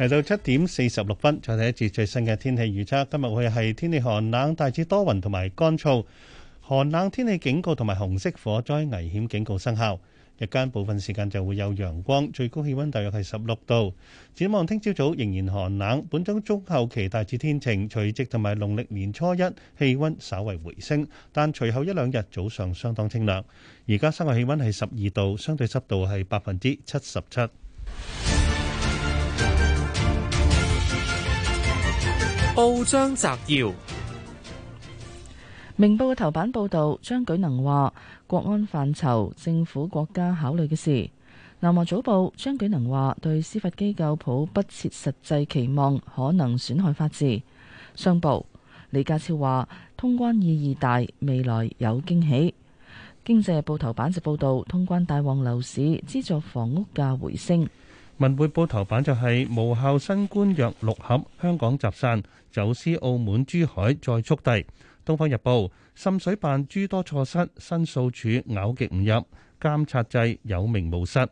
嚟到七點四十六分，再睇一節最新嘅天氣預測。今日會係天氣寒冷，大致多雲同埋乾燥。寒冷天氣警告同埋紅色火災危險警告生效。日間部分時間就會有陽光，最高氣溫大約係十六度。展望聽朝早仍然寒冷，本周中，中後期大致天晴，除夕同埋農曆年初一氣溫稍為回升，但隨後一兩日早上相當清涼。而家室外氣溫係十二度，相對濕度係百分之七十七。報章摘要：明報嘅頭版報道張舉能話國安範疇政府國家考慮嘅事。南華早報張舉能話對司法機構抱不切實際期望，可能損害法治。商報李家超話通關意義大，未來有驚喜。經濟日報頭版就報道通關大旺樓市，資助房屋價回升。文匯報頭版就係無效新冠藥六盒香港集散走私，澳門珠海再速遞。《東方日報》深水辦諸多錯失，申訴處咬極唔入，監察制有名無實。《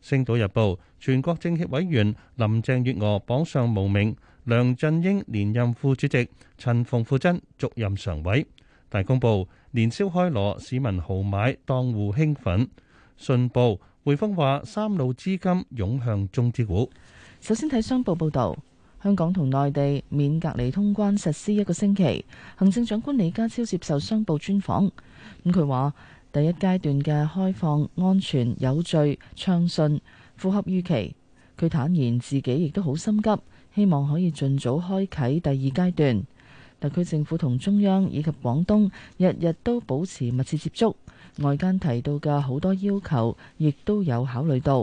星島日報》全國政協委員林鄭月娥榜上無名，梁振英連任副主席，陳馮富珍續任常委。《大公報》年宵開鑼，市民豪買，檔戶興奮。信報匯豐話三路資金湧向中資股。首先睇商報報道，香港同內地免隔離通關實施一個星期。行政長官李家超接受商報專訪，咁佢話第一階段嘅開放安全有序暢順，符合預期。佢坦言自己亦都好心急，希望可以盡早開啟第二階段。特區政府同中央以及廣東日日都保持密切接觸。外間提到嘅好多要求，亦都有考慮到。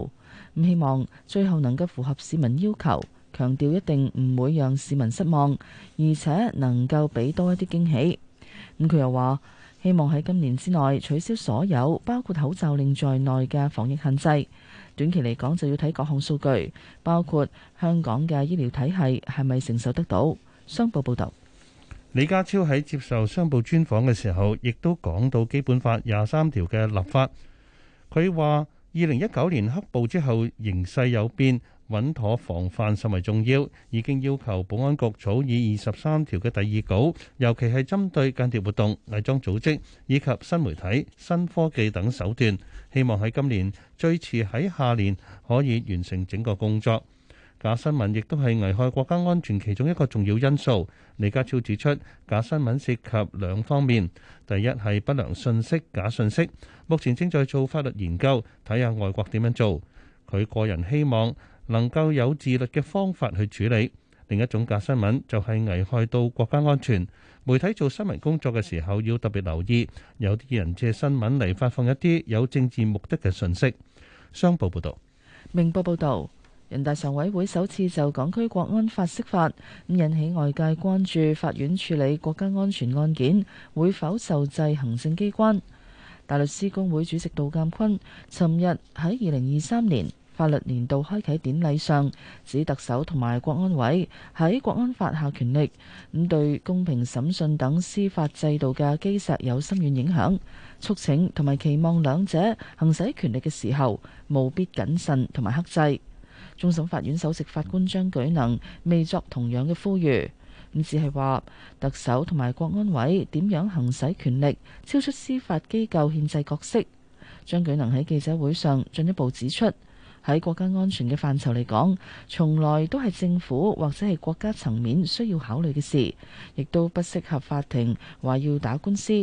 咁希望最後能夠符合市民要求，強調一定唔會讓市民失望，而且能夠俾多一啲驚喜。咁、嗯、佢又話：希望喺今年之內取消所有包括口罩令在內嘅防疫限制。短期嚟講就要睇各項數據，包括香港嘅醫療體系係咪承受得到。商報報道。李家超喺接受商報專訪嘅時候，亦都講到《基本法》廿三條嘅立法。佢話，二零一九年黑暴之後，形勢有變，穩妥防範甚為重要。已經要求保安局草擬二十三條嘅第二稿，尤其係針對間諜活動、偽裝組織以及新媒體、新科技等手段，希望喺今年最遲喺下年可以完成整個工作。假新聞亦都係危害國家安全其中一個重要因素。李家超指出，假新聞涉及兩方面，第一係不良信息、假信息，目前正在做法律研究，睇下外國點樣做。佢個人希望能夠有自律嘅方法去處理。另一種假新聞就係危害到國家安全，媒體做新聞工作嘅時候要特別留意。有啲人借新聞嚟發放一啲有政治目的嘅信息。商報報道，明報報道。人大常委會首次就港區國安法釋法，引起外界關注。法院處理國家安全案件會否受制行政機關？大律師公會主席杜鑒坤尋日喺二零二三年法律年度開啟典禮上指，特首同埋國安委喺國安法下權力咁對公平審訊等司法制度嘅基石有深遠影響，促請同埋期望兩者行使權力嘅時候，務必謹慎同埋克制。終審法院首席法官張舉能未作同樣嘅呼籲，咁只係話特首同埋國安委點樣行使權力超出司法機構憲制角色。張舉能喺記者會上進一步指出，喺國家安全嘅範疇嚟講，從來都係政府或者係國家層面需要考慮嘅事，亦都不適合法庭話要打官司。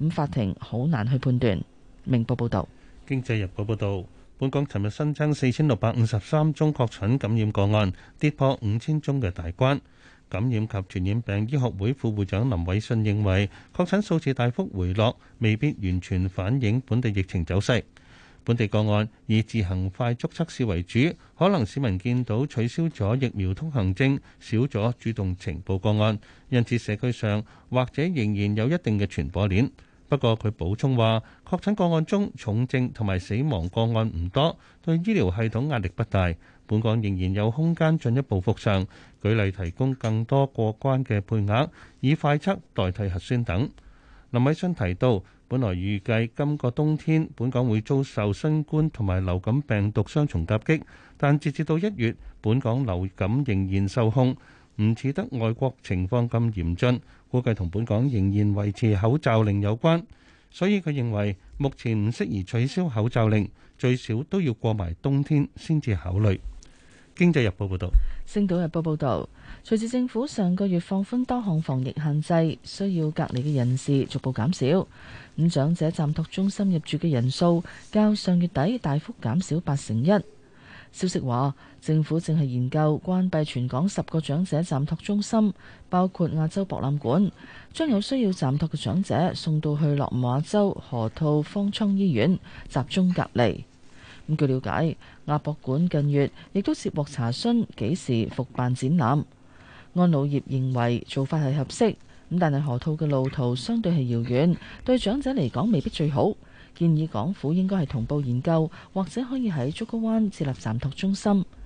咁法庭好難去判斷。明報報道。經濟日報報道。本港尋日新增四千六百五十三宗確診感染個案，跌破五千宗嘅大關。感染及傳染病醫學會副會長林偉信認為，確診數字大幅回落，未必完全反映本地疫情走勢。本地個案以自行快速測試為主，可能市民見到取消咗疫苗通行證，少咗主動呈報個案，因此社區上或者仍然有一定嘅傳播鏈。不過佢補充話。確診個案中，重症同埋死亡個案唔多，對醫療系統壓力不大。本港仍然有空間進一步覆上，舉例提供更多過關嘅配額，以快測代替核酸等。林偉新提到，本來預計今個冬天本港會遭受新冠同埋流感病毒雙重襲擊，但截至到一月，本港流感仍然受控，唔似得外國情況咁嚴峻。估計同本港仍然維持口罩令有關。所以佢認為目前唔適宜取消口罩令，最少都要過埋冬天先至考慮。經濟日報報道，星島日報報道，隨住政府上個月放寬多項防疫限制，需要隔離嘅人士逐步減少。咁長者暫托中心入住嘅人數，較上月底大幅減少八成一。消息話。政府正係研究關閉全港十個長者暫託中心，包括亞洲博覽館，將有需要暫託嘅長者送到去落馬洲河套方艙醫院集中隔離。咁據了解，亞博館近月亦都接獲查詢幾時復辦展覽。安老業認為做法係合適，咁但係河套嘅路途相對係遙遠，對長者嚟講未必最好。建議港府應該係同步研究，或者可以喺竹篙灣設立暫託中心。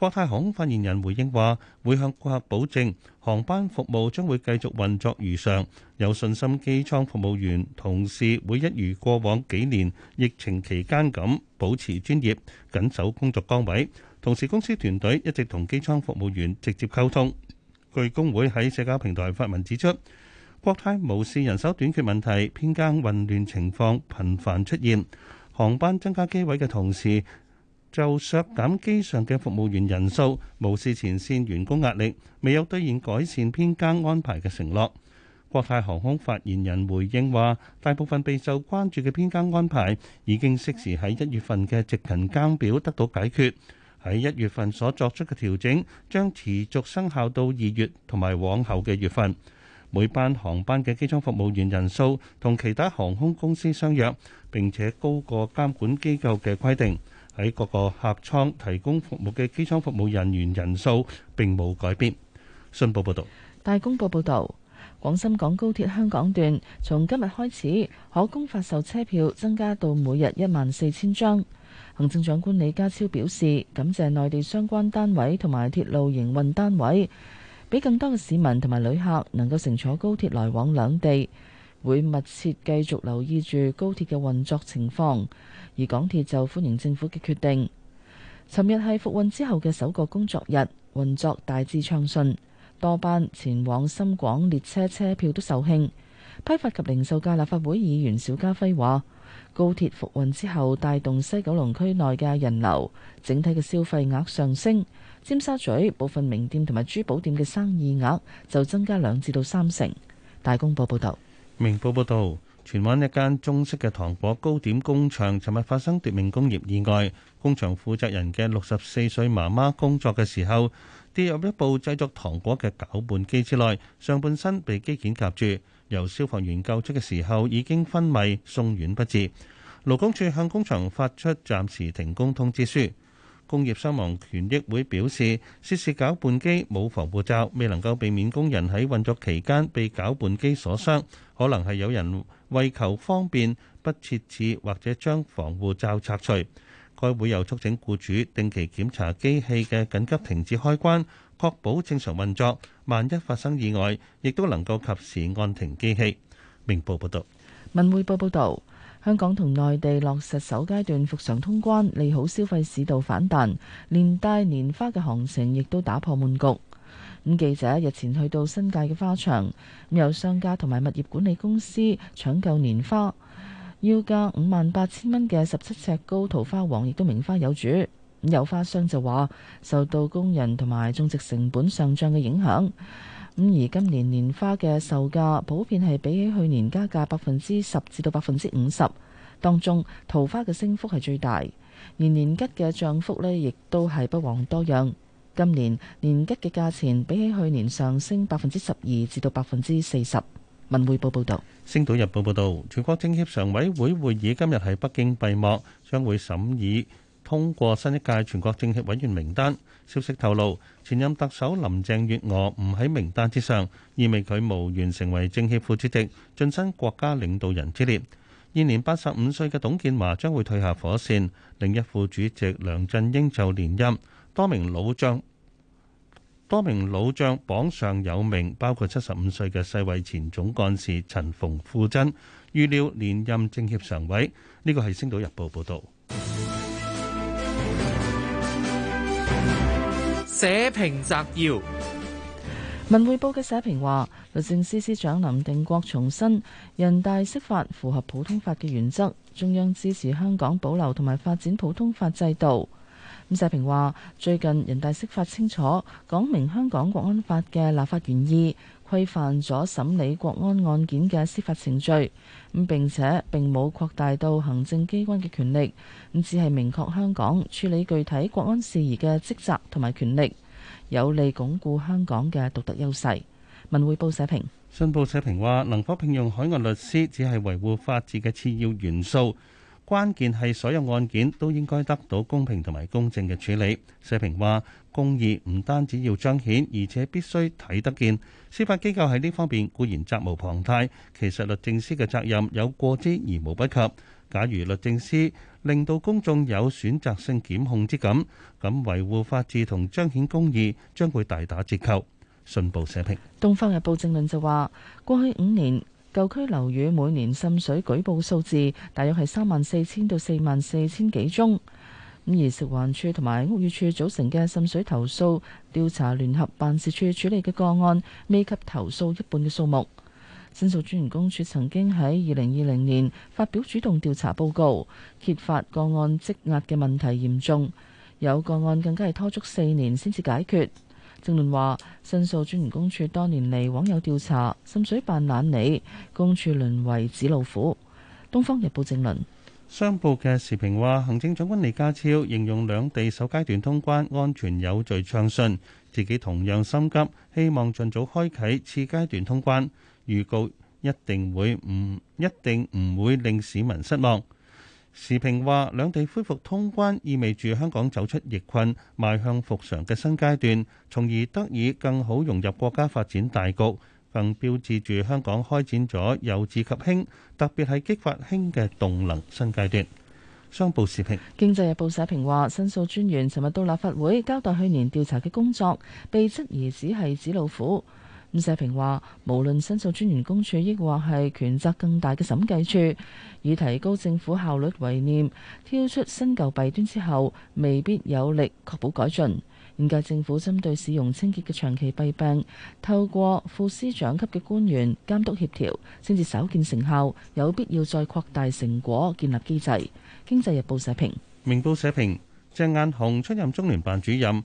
國泰航空發言人回應話，會向顧客保證，航班服務將會繼續運作如常，有信心機艙服務員同事會一如過往幾年疫情期間咁保持專業，緊守工作崗位。同時，公司團隊一直同機艙服務員直接溝通。據工會喺社交平台發文指出，國泰無視人手短缺問題，編更混亂情況頻繁出現，航班增加機位嘅同時，就削減機上嘅服務員人數，無視前線員工壓力，未有兌現改善編更安排嘅承諾。國泰航空發言人回應話：大部分備受關注嘅編更安排已經適時喺一月份嘅值勤更表得到解決。喺一月份所作出嘅調整將持續生效到二月同埋往後嘅月份。每班航班嘅機艙服務員人數同其他航空公司相若，並且高過監管機構嘅規定。喺各個客艙提供服務嘅機艙服務人員人數並冇改變。信報報道。大公報報道。廣深港高鐵香港段從今日開始可供發售車票增加到每日一萬四千張。行政長官李家超表示，感謝內地相關單位同埋鐵路營運單位，俾更多嘅市民同埋旅客能夠乘坐高鐵來往兩地，會密切繼續留意住高鐵嘅運作情況。而港鐵就歡迎政府嘅決定。尋日係復運之後嘅首個工作日，運作大致暢順，多班前往深港列車車票都售罄。批發及零售界立法會議員邵家輝話：高鐵復運之後，帶動西九龍區內嘅人流，整體嘅消費額上升。尖沙咀部分名店同埋珠寶店嘅生意額就增加兩至到三成。大公報報道。明報報導。荃灣一間中式嘅糖果糕點工場，尋日發生奪命工業意外。工場負責人嘅六十四歲媽媽工作嘅時候，跌入一部製作糖果嘅攪拌機之內，上半身被機件夾住。由消防員救出嘅時候已經昏迷，送院不治。勞工處向工場發出暫時停工通知書。工業傷亡權益會表示，涉事攪拌機冇防護罩，未能夠避免工人喺運作期間被攪拌機所傷，可能係有人，為求方便，不設置或者將防護罩拆除。該會又促請僱主定期檢查機器嘅緊急停止開關，確保正常運作。萬一發生意外，亦都能夠及時按停機器。明報報道。文匯報報道，香港同內地落實首階段復常通關，利好消費市道反彈，連帶年花嘅行情亦都打破悶局。咁記者日前去到新界嘅花場，咁有商家同埋物業管理公司搶購年花，要價五萬八千蚊嘅十七尺高桃花王亦都名花有主。咁有花商就話，受到工人同埋種植成本上漲嘅影響，咁而今年年花嘅售價普遍係比起去年加價百分之十至到百分之五十，當中桃花嘅升幅係最大，而年桔嘅漲幅呢亦都係不遑多讓。今年年桔嘅價錢比起去年上升百分之十二至到百分之四十。文匯報報導，星島日報報導，全國政協常委會會議今日喺北京閉幕，將會審議通過新一屆全國政協委員名單。消息透露，前任特首林鄭月娥唔喺名單之上，意味佢無緣成為政協副主席，晉身國家領導人之列。現年八十五歲嘅董建華將會退下火線，另一副主席梁振英就連任，多名老將。多名老將榜上有名，包括七十五歲嘅世衞前總幹事陳馮富珍，預料連任政協常委。呢個係《星島日報》報導。社評摘要：文匯報嘅社評話，律政司司長林定國重申，人大釋法符合普通法嘅原則，中央支持香港保留同埋發展普通法制度。社評話：最近人大釋法清楚講明香港國安法嘅立法原意，規範咗審理國安案件嘅司法程序，咁並且並冇擴大到行政機關嘅權力，咁只係明確香港處理具體國安事宜嘅職責同埋權力，有利鞏固香港嘅獨特優勢。文匯報社評。信報社評話：能否聘用海外律師只係維護法治嘅次要元素。關鍵係所有案件都應該得到公平同埋公正嘅處理。社評話：公義唔單止要彰顯，而且必須睇得見。司法機構喺呢方面固然責無旁貸，其實律政司嘅責任有過之而無不及。假如律政司令到公眾有選擇性檢控之感，咁維護法治同彰顯公義將會大打折扣。信報社評，《東方日報正論》就話：過去五年。舊區樓宇每年滲水舉報數字，大約係三萬四千到四萬四千幾宗。咁而食環署同埋屋宇署組成嘅滲水投訴調查聯合辦事處處理嘅個案，未及投訴一半嘅數目。申訴專員公署曾經喺二零二零年發表主動調查報告，揭發個案積壓嘅問題嚴重，有個案更加係拖足四年先至解決。政論話，申訴專員公署多年嚟，網友調查滲水扮懶理，公署淪為紙老虎。東方日報政論，商報嘅時評話，行政長官李家超形容兩地首階段通關安全有序暢順，自己同樣心急，希望盡早開啟次階段通關，預告一定會唔一定唔會令市民失望。時評話，兩地恢復通關意味住香港走出疫困，邁向復常嘅新階段，從而得以更好融入國家發展大局，更標誌住香港開展咗由治及興，特別係激發興嘅動能新階段。商報時評，經濟日報社評話，申訴專員尋日到立法會交代去年調查嘅工作，被質疑只係紙老虎。吳社評話：無論申訴專員公署，亦或係權責更大嘅審計處，以提高政府效率為念，挑出新舊弊端之後，未必有力確保改進。現屆政府針對市容清潔嘅長期弊病，透過副司長級嘅官員監督協調，先至稍見成效，有必要再擴大成果，建立機制。經濟日報社評，明報社評，鄭雁雄出任中聯辦主任。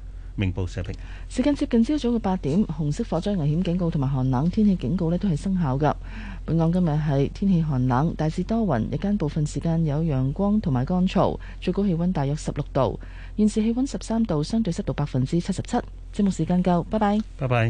明報社評。時間接近朝早嘅八點，紅色火災危險警告同埋寒冷天氣警告咧，都係生效噶。本港今日係天氣寒冷，大致多雲，日間部分時間有陽光同埋乾燥，最高氣温大約十六度。現時氣温十三度，相對濕度百分之七十七。節目時間夠，拜拜。拜拜。